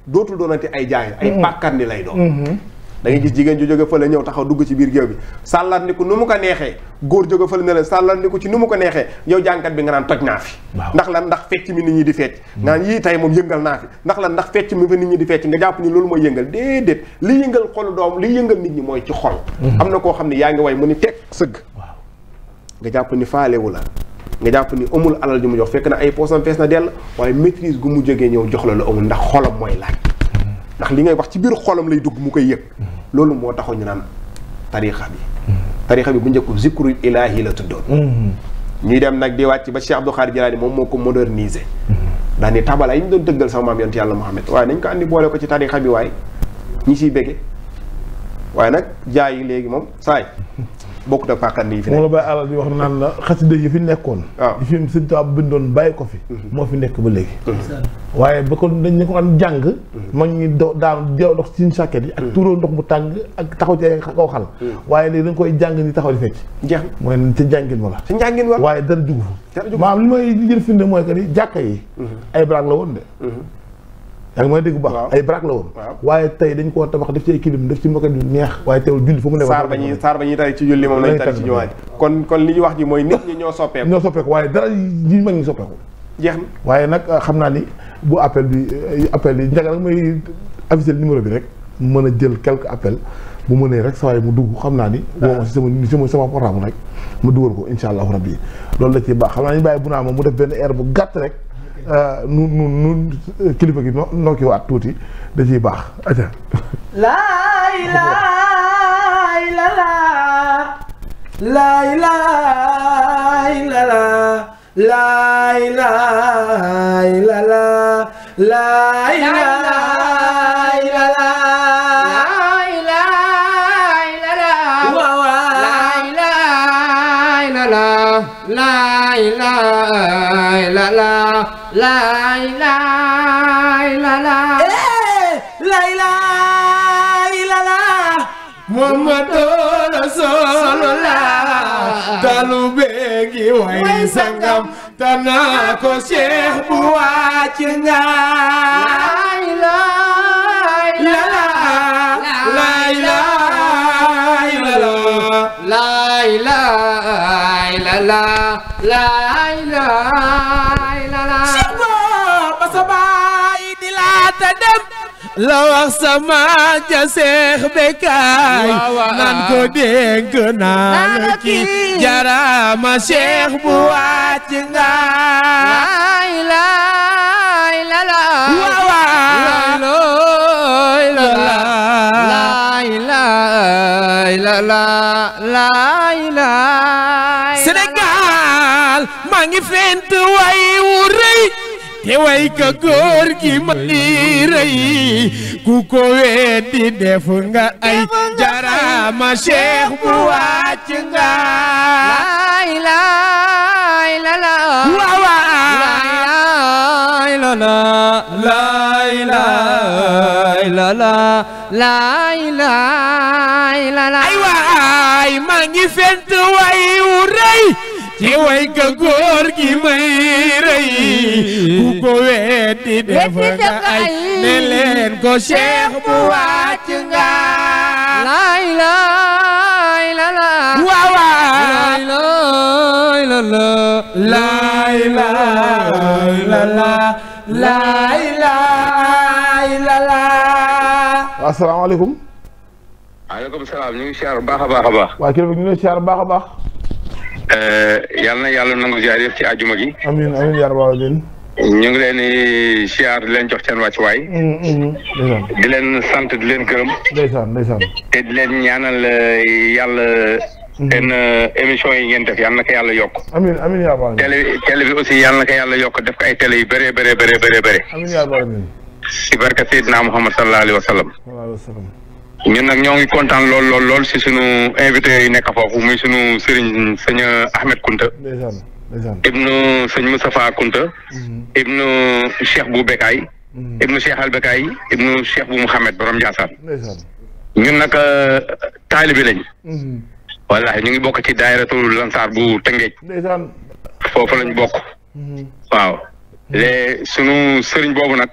dootul doonante ay jaay ay mm-hmm. bàkkandi lay doon mm-hmm. da ngay gis jigéen ju jóge fële ñëw taxaw dugg ci biir géew bi sàllaat ni ku nu mu ko neexee góor jóge fële ne la sàllaat ni ci nu mu ko neexee yow jànkat bi nga naan toj naa fi ndax lan ndax fecc mi nit ñi di fecc nga hmm. naan tey moom yëngal naa ndax lan ndax fecc mi fa nit ñi di fecc nga jàpp ni loolu mooy yëngal déedéet li yëngal xolu doom li yëngal nit ñi mooy ci xol hmm. am na koo xam ne yaa ngi way mu ni teg sëgg nga jàpp ni faalewu la nga jàpp ni amul alal ju mu jox fekk na ay poosam fees na dell waaye maîtrise gu mu jógee ñëw jox la lu amul ndax xolam mooy laaj ndax li ngay wax ci biir xolam lay dugg mu koy yëg loolu moo taxoon ñu naan tariixa bi tariixa bi bu njëkk zikru ilaahi la tuddoon ñuy dem nag di wàcc ba Cheikh Abdou Khadre Jilaani moom moo ko moderniser daa ni tabala yi ñu doon dëggal sama maam yonent yàlla Muhammad waaye nañ ko andi boole ko ci tariixa bi waaye ñi siy bége waaye nag jaay yi léegi moom saay bokkut ak pàkkan yi fi nekk moom la Baye di wax naan la fi nekkoon. waaw ah. yi fi Sëñ Tuubaa bindoon bàyyi ko fi. Mhm. moo fi nekk ba léegi. Mhm. waaye ba ko dañ ne ko am jàng. Mhm. mag ñi do daan deew ndox ci sàkket yi. ak tuuroo ndox mu tàng ak taxaw ci ay kaw xal. waaye léegi dañ koy jàng ni taxaw di fecc. jeex mooy ca njàngin ma la. ca njàngin ma la waaye dara jugu fa. dara jugu fa li may jël firnde mooy que ni jàkka yi. ay baraag la woon de. yaa ngi may dégg bu baax ay baraak la woon waaye tey dañ koo tabax def ci ay kilim def ci moquette yu neex waaye teewul julli fu mu ne saar ba ñuy saar ba ñuy tari ci julli moom lañ tari ci jumaa ji kon kon li ñu wax ji mooy nit ñi ñoo soppeeku ñoo soppeeku waaye dara yi mag ñi soppeeku jeex na waaye nag ah, xam naa ni bu appel bi eh, appel yi njaga nag may avisé numéro bi rek mën a jël quelque appel bu mënee rek saa yi mu dugg xam naa ni woo ma si sama sama portable rek mu dugal ko insha allahu rabbi loolu la ci baax xam naa ni bàyyi bu naa moom mu def benn air bu gàtt rek Euh, nu nu nu kilifa gi noo ki waat tuuti da baax aja laay laay la laay laay la laay laay laay laay la la. laay eh, laay la la. Muhammadu Rasulullah. talube gi way sangam. tana ko Cheikh bu wàcc nga. laay laay la la. laay laay la la. laay laay la la. laay laay. te dem la wax sama ja seex bekaay nan ko dénk naa la ki jarama seex bu wàcc nga la la, la la dạ. la la la la, lay la la lay lay Sénégal maa ngi fent way te way ka góor gi mani rëy ku ko weddi def nga ay jarama cheikh bu wàcc nga la la la wa wa la la la la la la la ay waay maa ngi fent way wu rëy ci way ka góor gi may ku ko weddi def nga ay ne leen ko Cheikh bu wàcc nga laay laay la la waawaay laay la la laay laay la salaam ñu ngi siyaar baax a baax a baax a baax Eh, yàlla na yàlla nangu ziar yëpp ci àjjuma gi. amiin amiin yaa rabbal aalamiin. ñu ngi leen di ziar di leen jox seen wàccuwaay. Mm, mm, mm. di leen sant di leen gërëm. ndeysaan ndeysaan. te di leen ñaanal eh, yàlla. seen eh, émission yi ngeen def yal na ko yàlla yokk. amiin amiin yaa rabbal aalamiin. bi aussi yal na ko yàlla yokk def ko ay télé yu bëree bëree bëree bëree. amiin yaa rabbal aalamiin. si barka Seydina Muhammad sallallahu alayhi wa sallam. ñun nag ñoo ngi kontaan lool lool lool si suñu invité yi nekk foofu muy suñu sëriñ sëñ Ahmed Kounta. ibnu sëñ Moustapha Kounta. Mm-hmm. ibnu Cheikh bu Bekaay. Mm-hmm. ibnu Cheikh al Bekaay ibnu Cheikh bu Mouhamed borom Ndiassane. ñun nag euh, taalibi lañ. Mm-hmm. wallaahi ñu ngi bokk ci daayiratul lansaar bu Tëngéej. foofu lañ bokk. waaw les sunu sëriñ boobu nag.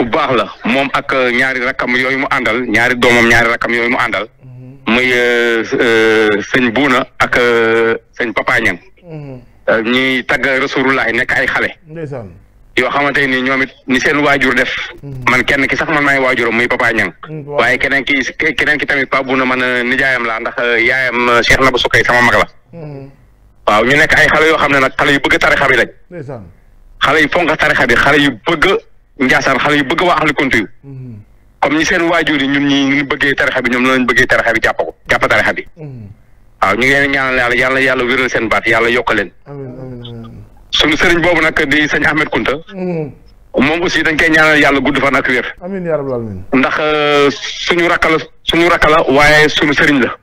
ku bax la mom ak euh, ñaari rakam yoy mu nyari ñaari domam ñaari rakam yoy mu andal mm-hmm. muy euh, euh, señ buuna ak señ papa ñan mm-hmm. ñi tag rasulullah nek ay xale yo xamanteni ni ñoom ni seen wajur def mm-hmm. man kenn ki sax man may wajur muy papa ñan waye keneen ki keneen ki tamit pa buuna man nijaayam la ndax yaayam Cheikh Nabou sokay sama mag la waaw ñu nek ay xalé yo xamne nak xalé yu bëgg tarixa bi lañ xalé yu fonga tarixa bi xalé yu bëgg Ndiassane xale yu bëgg a waa Akhelokounta mm-hmm. comme ñi seen waajur yi ñun ñi ñu bëggee tarixa bi ñoom noonu lañ bëggee tarixa bi jàpp ko jàpp tarixa bi mm-hmm. waaw ñu ngi leen ñaanal yàlla yàlla yàlla wéral seen baat yàlla yokk leen suñu sëriñ boobu nag di sëñ Ahmed Kounta mm-hmm. moom aussi dañ koy ñaanal yàlla gudd fan ak wér amiin yaa rabbal aalamiin ndax euh, suñu rakk la suñu rakk la waaye suñu sëriñ la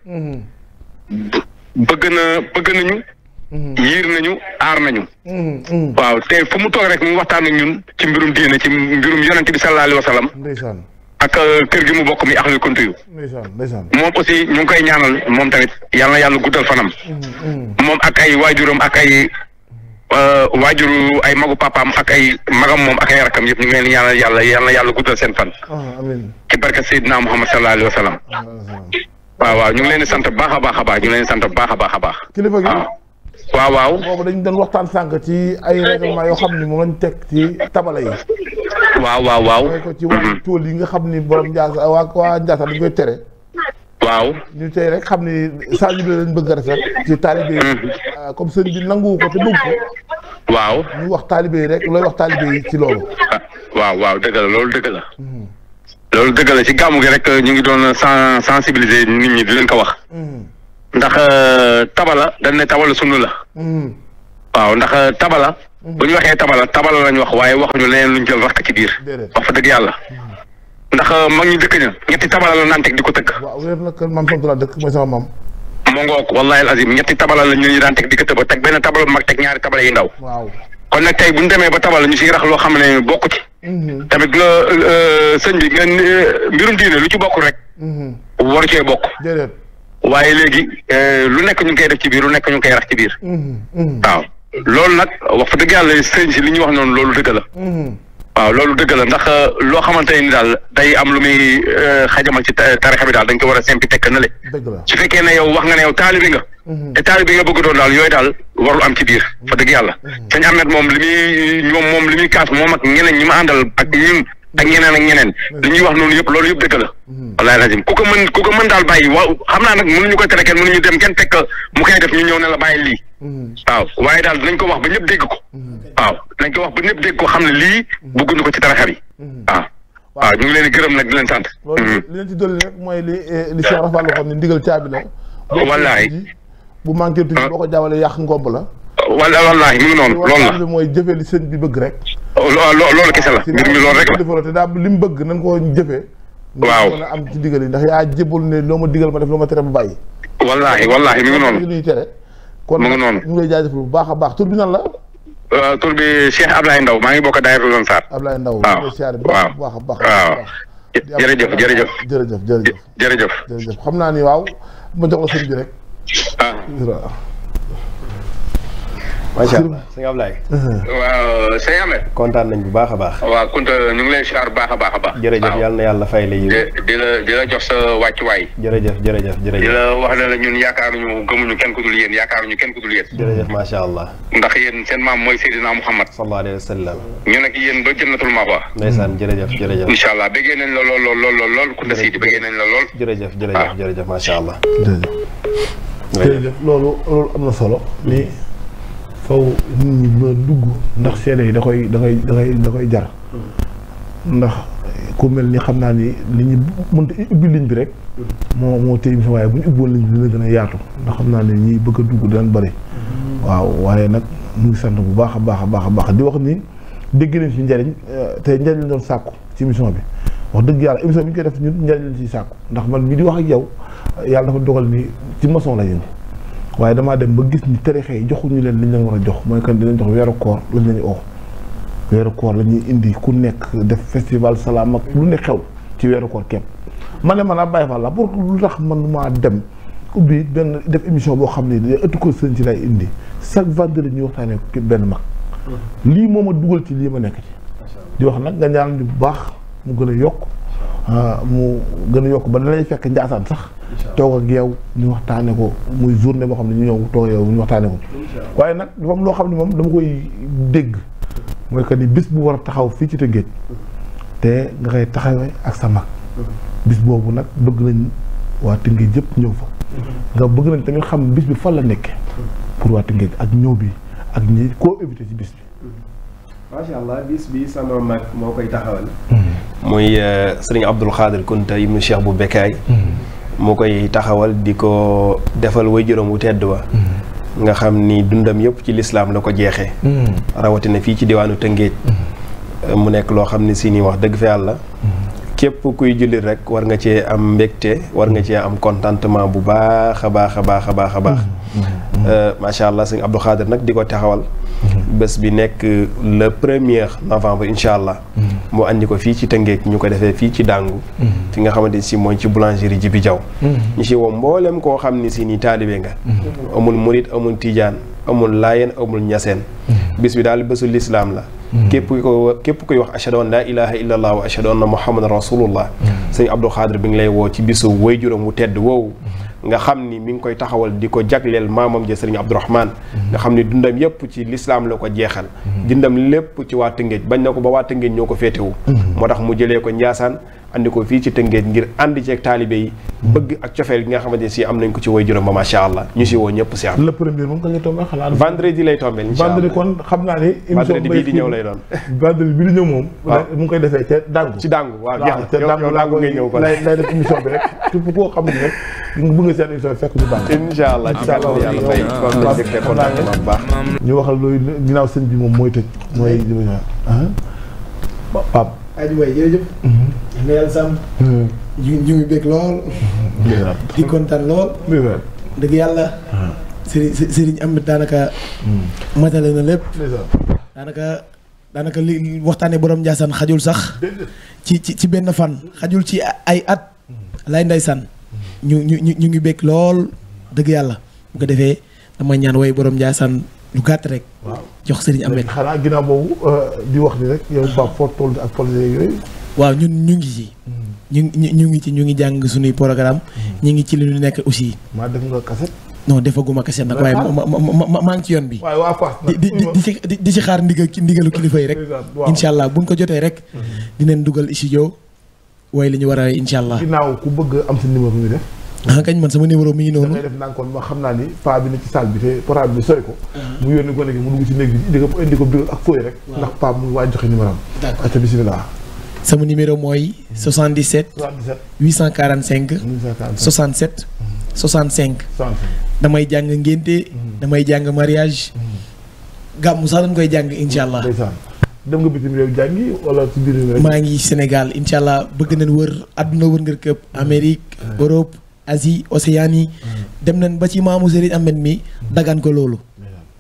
bëgg na bëgg nañu Mm-hmm. yiir nañu aar nañu. Mm-hmm. Mm-hmm. waaw te fu mu toog rek mu waxtaan ak ñun ci mbirum diine ci mbirum yonent bi sallallahu alayhi wa sallam. ak euh, kër gi mu bokk mi axlu kontuyu moom aussi ñu ngi koy ñaanal moom tamit yal na yàlla guddal fanam moom ak ay waajuram ak ay euh, waajuru ay magu papaam ak ay magam moom ak ay rakam yëpp ñu ngi leen ñaanal yàlla yal na yàlla guddal seen fan ah, ci barka Seydina Muhammad sallallahu alayhi wa sallam ah, waaw waaw ñu ngi leen di sant baax a baax a baax ñu ngi baax baax a baax waaw waaw boobu dañu doon waxtaan sànq ci ay règlement yoo xam ni moom lañ teg ci tabala yi. waaw waaw waaw. ko ci wàllu mhm. tool yi nga xam ni borom Ndiassa waa waa Ndiassa dañ koy tere. waaw ñu tey rek xam ni Sadio bi lañ bëgg a rafet ci taalibe mhm. ah, comme seen bi nanguwu ko te bëgg ko. waaw ñu wax taalibe yi rek looy wax taalibe yi ci loolu. Ah, waaw waaw dëgg la loolu dëgg la. Mhm. loolu dëgg la ci gàmmu gi rek ñu ngi doon sensibiliser nit ñi di leen ko wax. ndax euh, tabala dañ ne tabala sunu la. Hmm. waaw ndax euh, tabala. Hmm. bu ñu waxee tabala tabala lañ wax waaye waxuñu leneen luñ jël raxta ci biir. wax fa dëgg yàlla. Hmm. ndax euh, mag ñu dëkk ña ñetti tabala la naan teg di ko tëgg. waaw wér na kër maam Abdoulaye dëkk mooy sama maam. ma ngoog wallaahi al ñetti tabala la ñu daan teg di ko tëba teg benn tabala bu mag teg ñaari tabala yi ndaw. waaw kon nag tey bu ñu demee ba tabala ñu siy rax loo xam ne bokk ci. tamit la sëñ bi nga mbirum diine lu ci bokkul rek. waru cee bokk. waaye léegi eh, lu nekk ñu ngi koy def ci biir lu nekk ñu ngi koy rax ci biir. Mm-hmm, mm-hmm. waaw loolu nag wax fa dëgg yàlla sëñ si li ñuy wax noonu loolu dëgg la. Mm-hmm. waaw loolu dëgg la ndax eh, loo xamante ni daal day am lu muy eh, xajamal ci tarixa bi daal dañ ko war a simpi tekk na le su fekkee ne yow wax nga ne yow taalibi nga te taalibi nga bëgg doon daal yooyu daal warul am ci biir fa dëgg yàlla sëñ Ahmed moom li muy ñoom moom li muy kaas moom ak ñeneen ñi ma àndal ak ñun ak ñeneen ak ñeneen mm. li ñuy wax noonu yëpp loolu yëpp dëgg la mm. wallaahi lazim ku ko mën ku ko mën daal bàyyi waaw xam naa nag mënuñu ko tere kenn mënuñu dem kenn teg mu koy def ñu ñëw ne la bàyyi lii mm. waaw waaye daal dinañ ko wax ba ñëpp dégg ko waaw dañ ko wax ba ñépp dégg ko xam ne lii bëgguñu ko ci taraxa yi waaw waaw ñu ngi leen di gërëm nag di leen sant mm-hmm. li leen ci dolli rek mooy li eh, li Cheikh Rafal xam ne ndigal caabi la wallaahi bu manqué tuuti ah. boo ko jaawale yàq ngomb la wala wallaahi mu ngi noonu loolu la mooy jëfe li sëñ bi bëgg rek loolu kese la mbir mi loolu rek la te daa li mu bëgg nañ koo jëfee waaw mën a am ci digal yi ndax yaa jébal ne loo ma digal ma def loo ma tere ma bàyyi wallaahi wallaahi mi ngi noonu nuy tere kon mu ngi noonu ñu ngi lay jaajëfal bu baax a baax tur bi nan la euh, tur bi Cheikh Ablaye Ndaw maa ngi bokk daayira Lone Sarr Ablaye Ndaw waaw siyaare bu baax a baax waaw jërëjëf jërëjëf jërëjëf jërëjëf jërëjëf xam naa ni waaw ma jox la sëñ bi macha allah sëñ Ablaye. waaw sëñ Ahmed. kontaan nañ bu baax a baax. waaw Kunta ñu ngi lay siyaar baax a baax a baax. jërëjëf yal na yàlla fay la yi. di la di la jox sa wàccuwaay. jërëjëf jërëjëf jërëjëf. di la wax ne la ñun yaakaaruñu gëmuñu kenn ku dul yéen yaakaaruñu kenn ku dul yéen. jërëjëf macha allah. ndax yéen seen maam mooy Seydina Muhammad. sallallahu alayhi wa sallam. ñu nekk yéen ba jënnatul Ma'wa. ndeysaan jërëjëf jërëjëf. incha allah bëggee nañ la lool lool la lool. jërëjëf jërëjëf ah. jërëjëf macha allah. jërëjëf loolu loolu am na faw nit ñi mën dugg ndax seede yi da koy da koy da koy da koy jar ndax ku mel ni xam naa ni li ñu mënta ubbi liñ bi rek moo moo téye bi waaye bu ñu ubboon ligne bi dina yaatu ndax xam naa ne ñi bëgg a dugg daan bari waaw waaye nag mu ngi sant bu baax a baax a baax a baax di wax ni dégg nañ ci njariñ euh, te njariñ lañ doon sàkku ci émission bi wax dëgg yàlla émission bi ñu koy def ñun njariñ lañ ci sàkku ndax man mi di wax ak yow yàlla dafa dogal ni ci maçon la yëngu waaye damaa dem ba gis ni tarixa yi joxuñu leen li ñu leen war a jox moo kan dinañ jox weeru koor lañ leen oo weeru koor la ñuy indi ku nekk def festival salaam ak lu ne xew ci weeru koor képp ma ne man a bàyyi fa la pour lu tax man maa dem ubbi benn def émission boo xam ne da ëttu ko sëñ ci lay indi chaque vendredi ñuy waxtaanee benn mag mm-hmm. lii moo ma dugal ci lii ma nekk ci di wax nag nga ñaan bu baax mu gën a yokk Ah, mu gën a yokk ba da lay fekk njaasaan sax toog ak yow ñu waxtaane ko muy journée boo xam ne ñu ñëw toog ak yow ñu waxtaane ko waaye nag dafa loo xam ne moom dama koy dégg mooy que ni bis bu war a taxaw fii ci Tëngéej te nga koy taxawee ak sa mag bis boobu nag bëgg nañ waa Tëngéej yëpp ñëw fa mhm. nga bëgg nañ tamit xam bis bi fan la nekkee mhm. pour waa Tëngéej ak ñëw bi ak ñi koo éviter ci bis bi macha allah bis bi sama mag moo koy taxawal. Hmm. muy euh, sëriñ Abdul Xaadir Kunta ibnu Cheikh bu Bekkaay. Hmm. moo koy taxawal di ko defal way juróom wu tedd wa hmm. nga xam ni dundam yëpp ci lislaam la ko jeexee. rawatina fii ci diwaanu Tëngéej. mu nekk loo xam ne si ni wax dëgg fa yàlla. képp kuy julli rek war nga ci am mbégte war nga ci am contentement bu baax a baax a baax a baax a mm-hmm. Mm-hmm. Euh, allah Abdou Khadir nak di taxawal mm-hmm. bes bi nek le premier novembre inshallah allah mu andi ko fi ci Tëngéej ñuko ko fi ci dangu fi nga xamanteni ci moy ci boulangerie Jibi Jaw ñi ci wo mbollem ko xamni ci ni talibé nga amul murit amul tidiane amul layen amul ñassène bi dal islam la Mm. képp ko képp koy wax ashhadu an laa ilaha illallah wa ashhadu anna rasulullah mm. sëñ Abdou Xaadir bi nga lay woo ci bisu waajuram wu tedd woowu mm. nga xam ni mi ngi koy taxawal di ko jagleel maamam ja sëriñ Abdourahman nga xam ni dundam yépp ci lislaam la ko jeexal dundam lépp ci waa Tëngéej bañ na ko ba waa Tëngéej ñoo ko féetewu moo tax mu jëlee ko Njaasaan andi ko fii ci Tëngéej ngir ànd ceeg taalibe yi bëgg ak cofeel gi nga xamante si am nañ ko ci way juróom ba macha allah ñu si woo ñëpp si am. le premier moom nga lay tombé xalaat. vendredi lay tombé incha allah vendredi kon xam naa ne. émission bii di ñëw lay moom. waaw mu ngi koy defee def émission bi rek képp koo xam ne rek bëgg nga seen fekk ñu Dangu. incha allah incha allah baax. ñu waxal loolu ginnaaw sëñ bi moom mooy tëj mooy. Ah? Pape. neel sam ñu ñu ngi di kontaan lool dëgg yàlla siri sëriñ am daanaka hmm. matale na lépp daanaka daanaka li waxtaane borom njaasaan xajul sax ci ci nafan benn fan xajul ci ay at hmm. lay ndeysaan hmm. ñu ñu ñu ngi bég lool dëgg yàlla bu ko defee dama ñaan way borom lu gàtt rek jox sëriñ am xanaa ginnaaw boobu euh, di wax ni rek yow ba foo toll ak projet yooyu waaw ñun ñu ngi ci. Hmm. ñu ngi ñu ngi ci ñu ngi jàng sunuy programme hmm. ñu ngi ci li ñu nekk aussi. maa def nga kaset. non defaguma kaset nag waaye ma maa ngi ci yoon bi. waaye waa Fass nag di di ci xaar ndigal ndigalu kilifa yi rek. incha allah bu buñ ko jotee rek. Hmm. dinañ dugal studio. waaye li ñu war a incha allah. ginnaaw ku bëgg am sa numéro ñu def. ah sama numéro mi ngi noonu. da ngay def naan ma xam naa ni paa bi ne ci salle bi te portable bi sori ko. Ah. mu yónni ko mu dugg ci néeg bi indi ko indi ko dugal ak fooy rek. ndax paa mu waa joxe numéro am. d' accord bisimilah. sama numéro mooy 77. 845. 67. 65. damay jàng ngénte. Mhm. damay jàng mariage. Mhm. gàmmu sax dañ koy jàng incha allah. dem nga bitim réew jàngi wala ci biir réew maa ngi Sénégal incha allah bëgg nañ wër àdduna wër ngër këpp mhm. Amérique. Europe Asie Océanie yi. dem nañ ba ci maamu Serigne Ahmed mi dagaan ko loolu.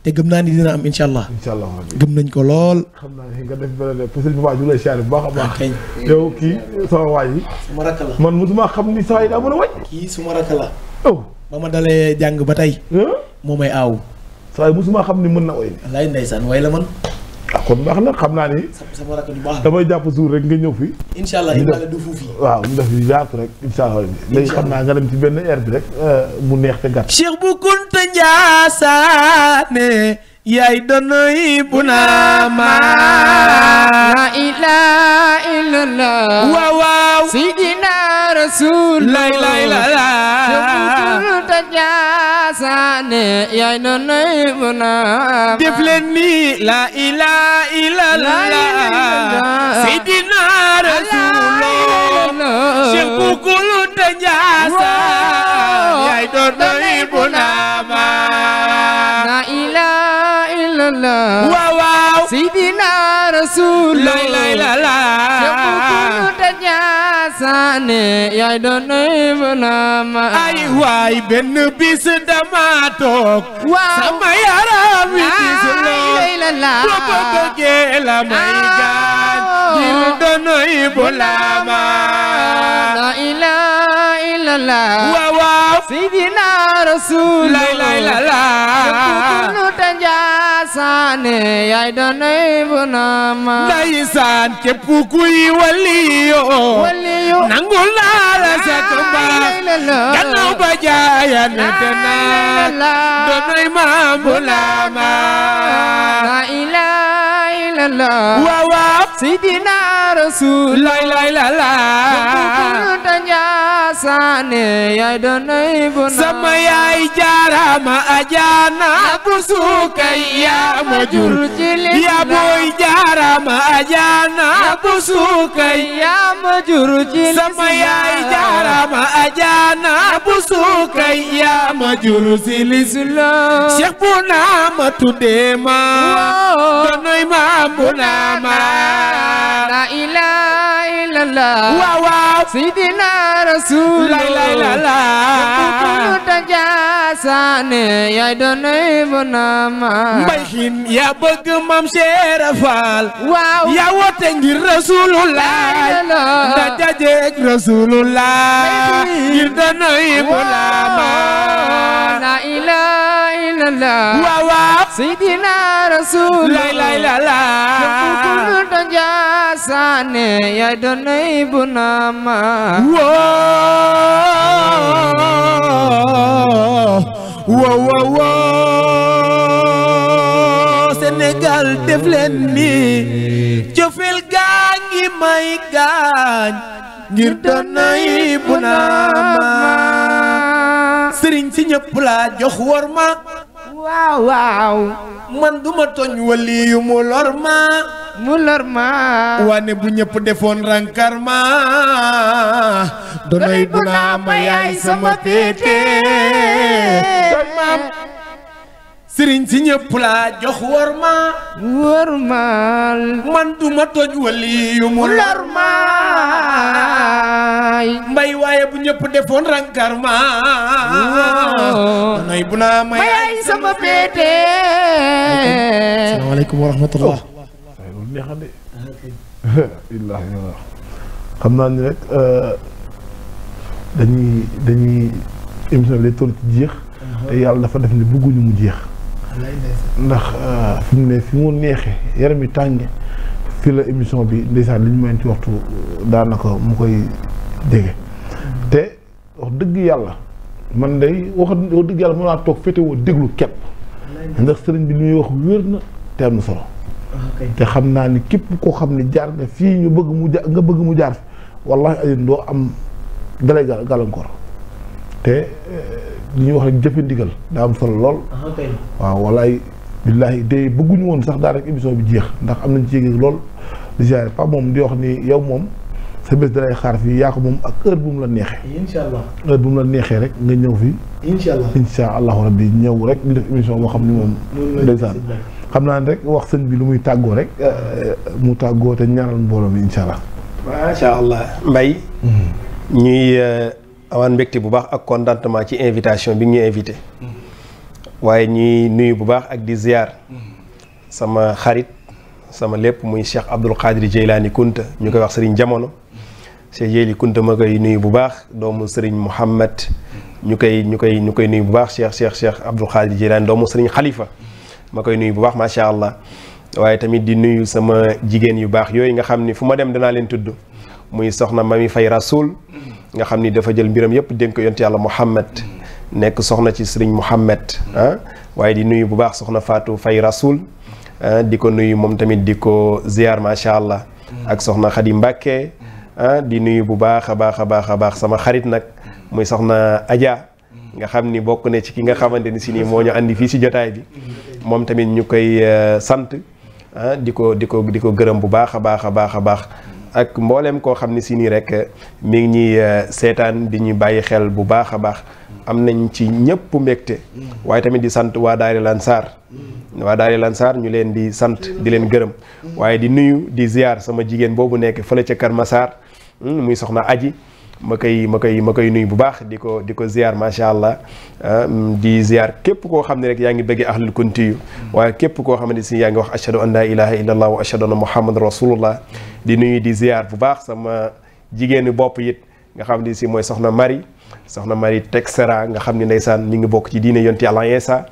te gëm naa ni dina am incha allah. incha allah gëm nañ ko lool. xam naa ne nga def benn de parce que baax Diouf lay bu baax a baax. yow kii sama waay yi. suma rakk la man musuma xam ni saa yi daa mën a waaj. kii suma rakk la. oh ba ma dalee jàng ba tey. moo may aaw. saa yi mosuma xam ni mën na oy. wallaay ndeysaan way la man. kon baax na xam naa ni. sama rakk du suur rek nga ñëw fi. incha allah incha allah du fuufi waaw mu def yu yaatu rek incha allah. léegi xam euh, mu neex te gàtt. Cheikh bu Kunta Ndiassane yaay donoy bu naa ma. la ilaha la asaane yaay no nay mu naama def leen nii la ilaha illallah sidina rasulullah Cheikh Koukoulou te njaasa yaay no nay mu naama la ilaha illallah waaw waaw sidina rasulullah la ilaha illallah ne yaay doon nuyu naama. ay waay benn bis dama toog. waaw sama yaram wi dis lool. ay la la bu ko bëggee la may gaañ. ngir doon nuyu naama. la ilaha illallah. waaw waaw. Seydina Rasul. la ilaha illallah. saane yaay doonay bu nama ndeysaan képp kuy waliyo waliyo nangul naa la sa tumba gannaaw ba jaayane te naa doonay maam bu lama la ilaha illallah waaw waaw sidina rasul la ilaha illallah saane yaay doonay bu naa sama yaay jaarama ajaana lay lay la la tajaasane yaay doon nay bu nama mbay xin yaa bëgg mam Cheikh Fall waaw yaa ngir rasulullah na jajeeg rasulullah ngir doon nay bu nama la ilaha illallah waaw Sayyidina Rasul lai lai la la Kukul dan jasane ya dona ibu nama Wow Wow wow wow Senegal def mi Jofil gangi mai gan ngir dona ibu nama sering si pula jok jox waaw waaw man duma toñ wali yu mu lor ma mu lor ma waane bu ñëpp defoon rankar ma donoy bu naa ma yaay sama péete sëriñ si ñëpp laa jox wormaal. wormaal. man du ma toj wali nah, yu mu lormaay. mbay waaye bu ñëpp defoon rankar maa. bu may. sama pété. Assalamualaikum wa rahmatullah. xam Allah ni rek dañuy dañuy émission bi day toll ci jeex. te yàlla dafa def ni bëgguñu mu jeex. ndax euh, fi mu ne fi mu neexee yaram yi tànge fi la émission bi ndeysaan li ñu mën ci waxtu daanaka mu koy jege te wax dëgg yàlla man day wax wax dëgg yàlla mën naa toog féetewoo déglu képp ndax sëriñ bi li muy wax wér na te am na solo te xam naa ni képp koo xam ne jaar nga fii ñu bëgg mu jaar nga bëgg mu jaar fi wallahi ndoo am dalay gàllankoor te euh, li ñuy wax rek jëfe ndigal daa am solo lool. waaw walaay billaahi de bëgguñu woon sax daa rek émission bi jeex ndax am nañ ci yéeg lool di ziare pa moom di wax ni yow moom sa bés dalay xaar fii yaa ko moom ak heure bu mu la neexee. incha allah heure bu mu la neexee rek nga ñëw fii. incha allah incha allahu rabbi ñëw rek ñu def émission boo xam ni moom. ndeysaan xam naa ne rek wax sëñ bi lu muy tàggoo rek euh, mu tàggoo te ñaanal mbooloo mi incha allah. macha allah Mbaye mhm. ñuy. Euh, amaan mbégte bu baax ak contentement ci invitation bi ñu invité waaye ñuy nuyu bu baax ak di ziar sama xarit sama lépp muy Cheikh Abdoul Khadri Jeylaani Kunta ñu koy wax sëriñ jamono Cheikh Jeyli Kunta ma koy nuyu bu baax doomu sëriñ Mouhammad ñu koy ñu koy ñu koy nuyu bu baax Cheikh Cheikh Cheikh Abdoul Khadri doomu sëriñ xalifa ma koy nuyu bu baax macha allah waaye tamit di nuyu sama jigéen yu baax yooyu nga xam ni fu ma dem danaa leen tudd muy soxna Mami Fay Rasoul nga xamni dafa jël mbiram yépp denk ko Allah Muhammad Nek soxna ci serigne Muhammad hein waye di nuyu bu baax soxna Fatou fay Rasoul di diko nuyu mom tamit di ziar ziar sha allah ak soxna Khady mbake ah di nuyu bu baaxa baaxa baaxa baax sama xarit nak muy soxna Adja nga xamni bokk ne ci ki nga xamante ni moñu andi fi si jotay bi momtamin tamit ñukay eh, sante ah diko diko di di gërëm bu baaxa baaxa baaxa baax ak mbooleem koo xam ne si nii rek mi ngi ñuy euh, seetaan di ñuy bàyyi xel bu baax a baax am nañ ci ñëpp mbégte waaye tamit di sant waa Daara Lansar waa Daara Lansar ñu leen di sant di leen gërëm waaye di nuyu di ziar sama jigéen boobu nekk fële ca Kër Massar hmm, muy soxna Aji ma koy ma koy ma koy nuyu bu baax di ko di ko ziar macha allah ah, mm, di ziar képp koo xam ne rek yaa ngi bëggee ahlul kunti yu waaye képp koo xam ne si yaa ngi wax ashhadu an laa ilaha illa allah wa ashhadu anna muhammadan rasulullah di nuyu di ziar bu baax sama jigéenu bopp it nga xam ne si mooy soxna mari soxna Marie Texera nga xam ne ndeysaan ñu ngi bokk ci diine yonti yàlla Yeesa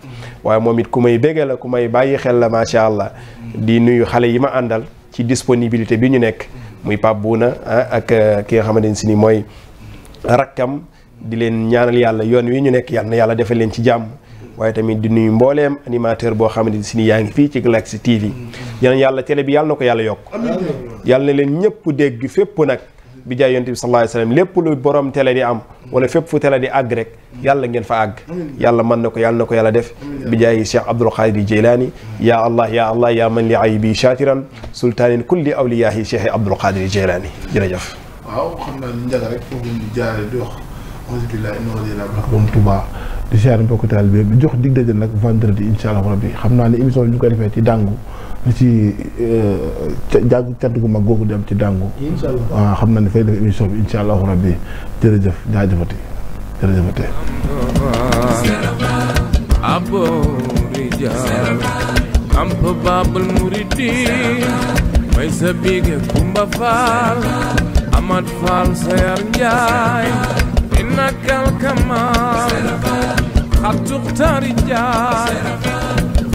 waaye moom it ku may béggee la ku may bàyyi xel la macha allah di nuyu xale yi ma àndal ci disponibilité bi ñu nekk muy Pape Bouna ah, ak eh, ki nga xamante ne si ni mooy rakkam di leen ñaanal yàlla yoon wi ñu nekk yàlla na yàlla defal leen ci jàmm waaye tamit di nuyu mbooleem animateur boo xamante ne si ni yaa ngi fii ci Galaxy TV yeneen yàlla télé bi yàlla na ko yàlla yokk yàlla na leen ñëpp dégg fépp nag bi jaay yonent bi lépp lu borom tele di am wala fépp fu tele di àgg rek yàlla ngeen fa àgg yàlla mën na ko yàlla na ko yàlla def bi jaay cheikh abdul xaadir jeylaani yaa allah yaa allah yaa man li aybi shaatiran sultaanin kulli awliyaahi cheikh abdul xaadir jeylaani jërëjëf waaw xam naa ni njaga rek foofu ñu jaare di wax alhamdulilah inna walilah borom Tuubaa di siyaar mbokk taal bi jox dig daje nag vendredi incha allah rabbi xam naa ne émission bi ñu koy defee ci dàngu ci jagu cant gu mag googu dem ci dangu inshallah ah xamna ni fay def émission bi incha allahu rabbi jërëjëf jaajëfati jërëjëfati. am fa babal muriti may sa bige kumba fal amat faal sayar njaay innakal kamal xatuxtari njaay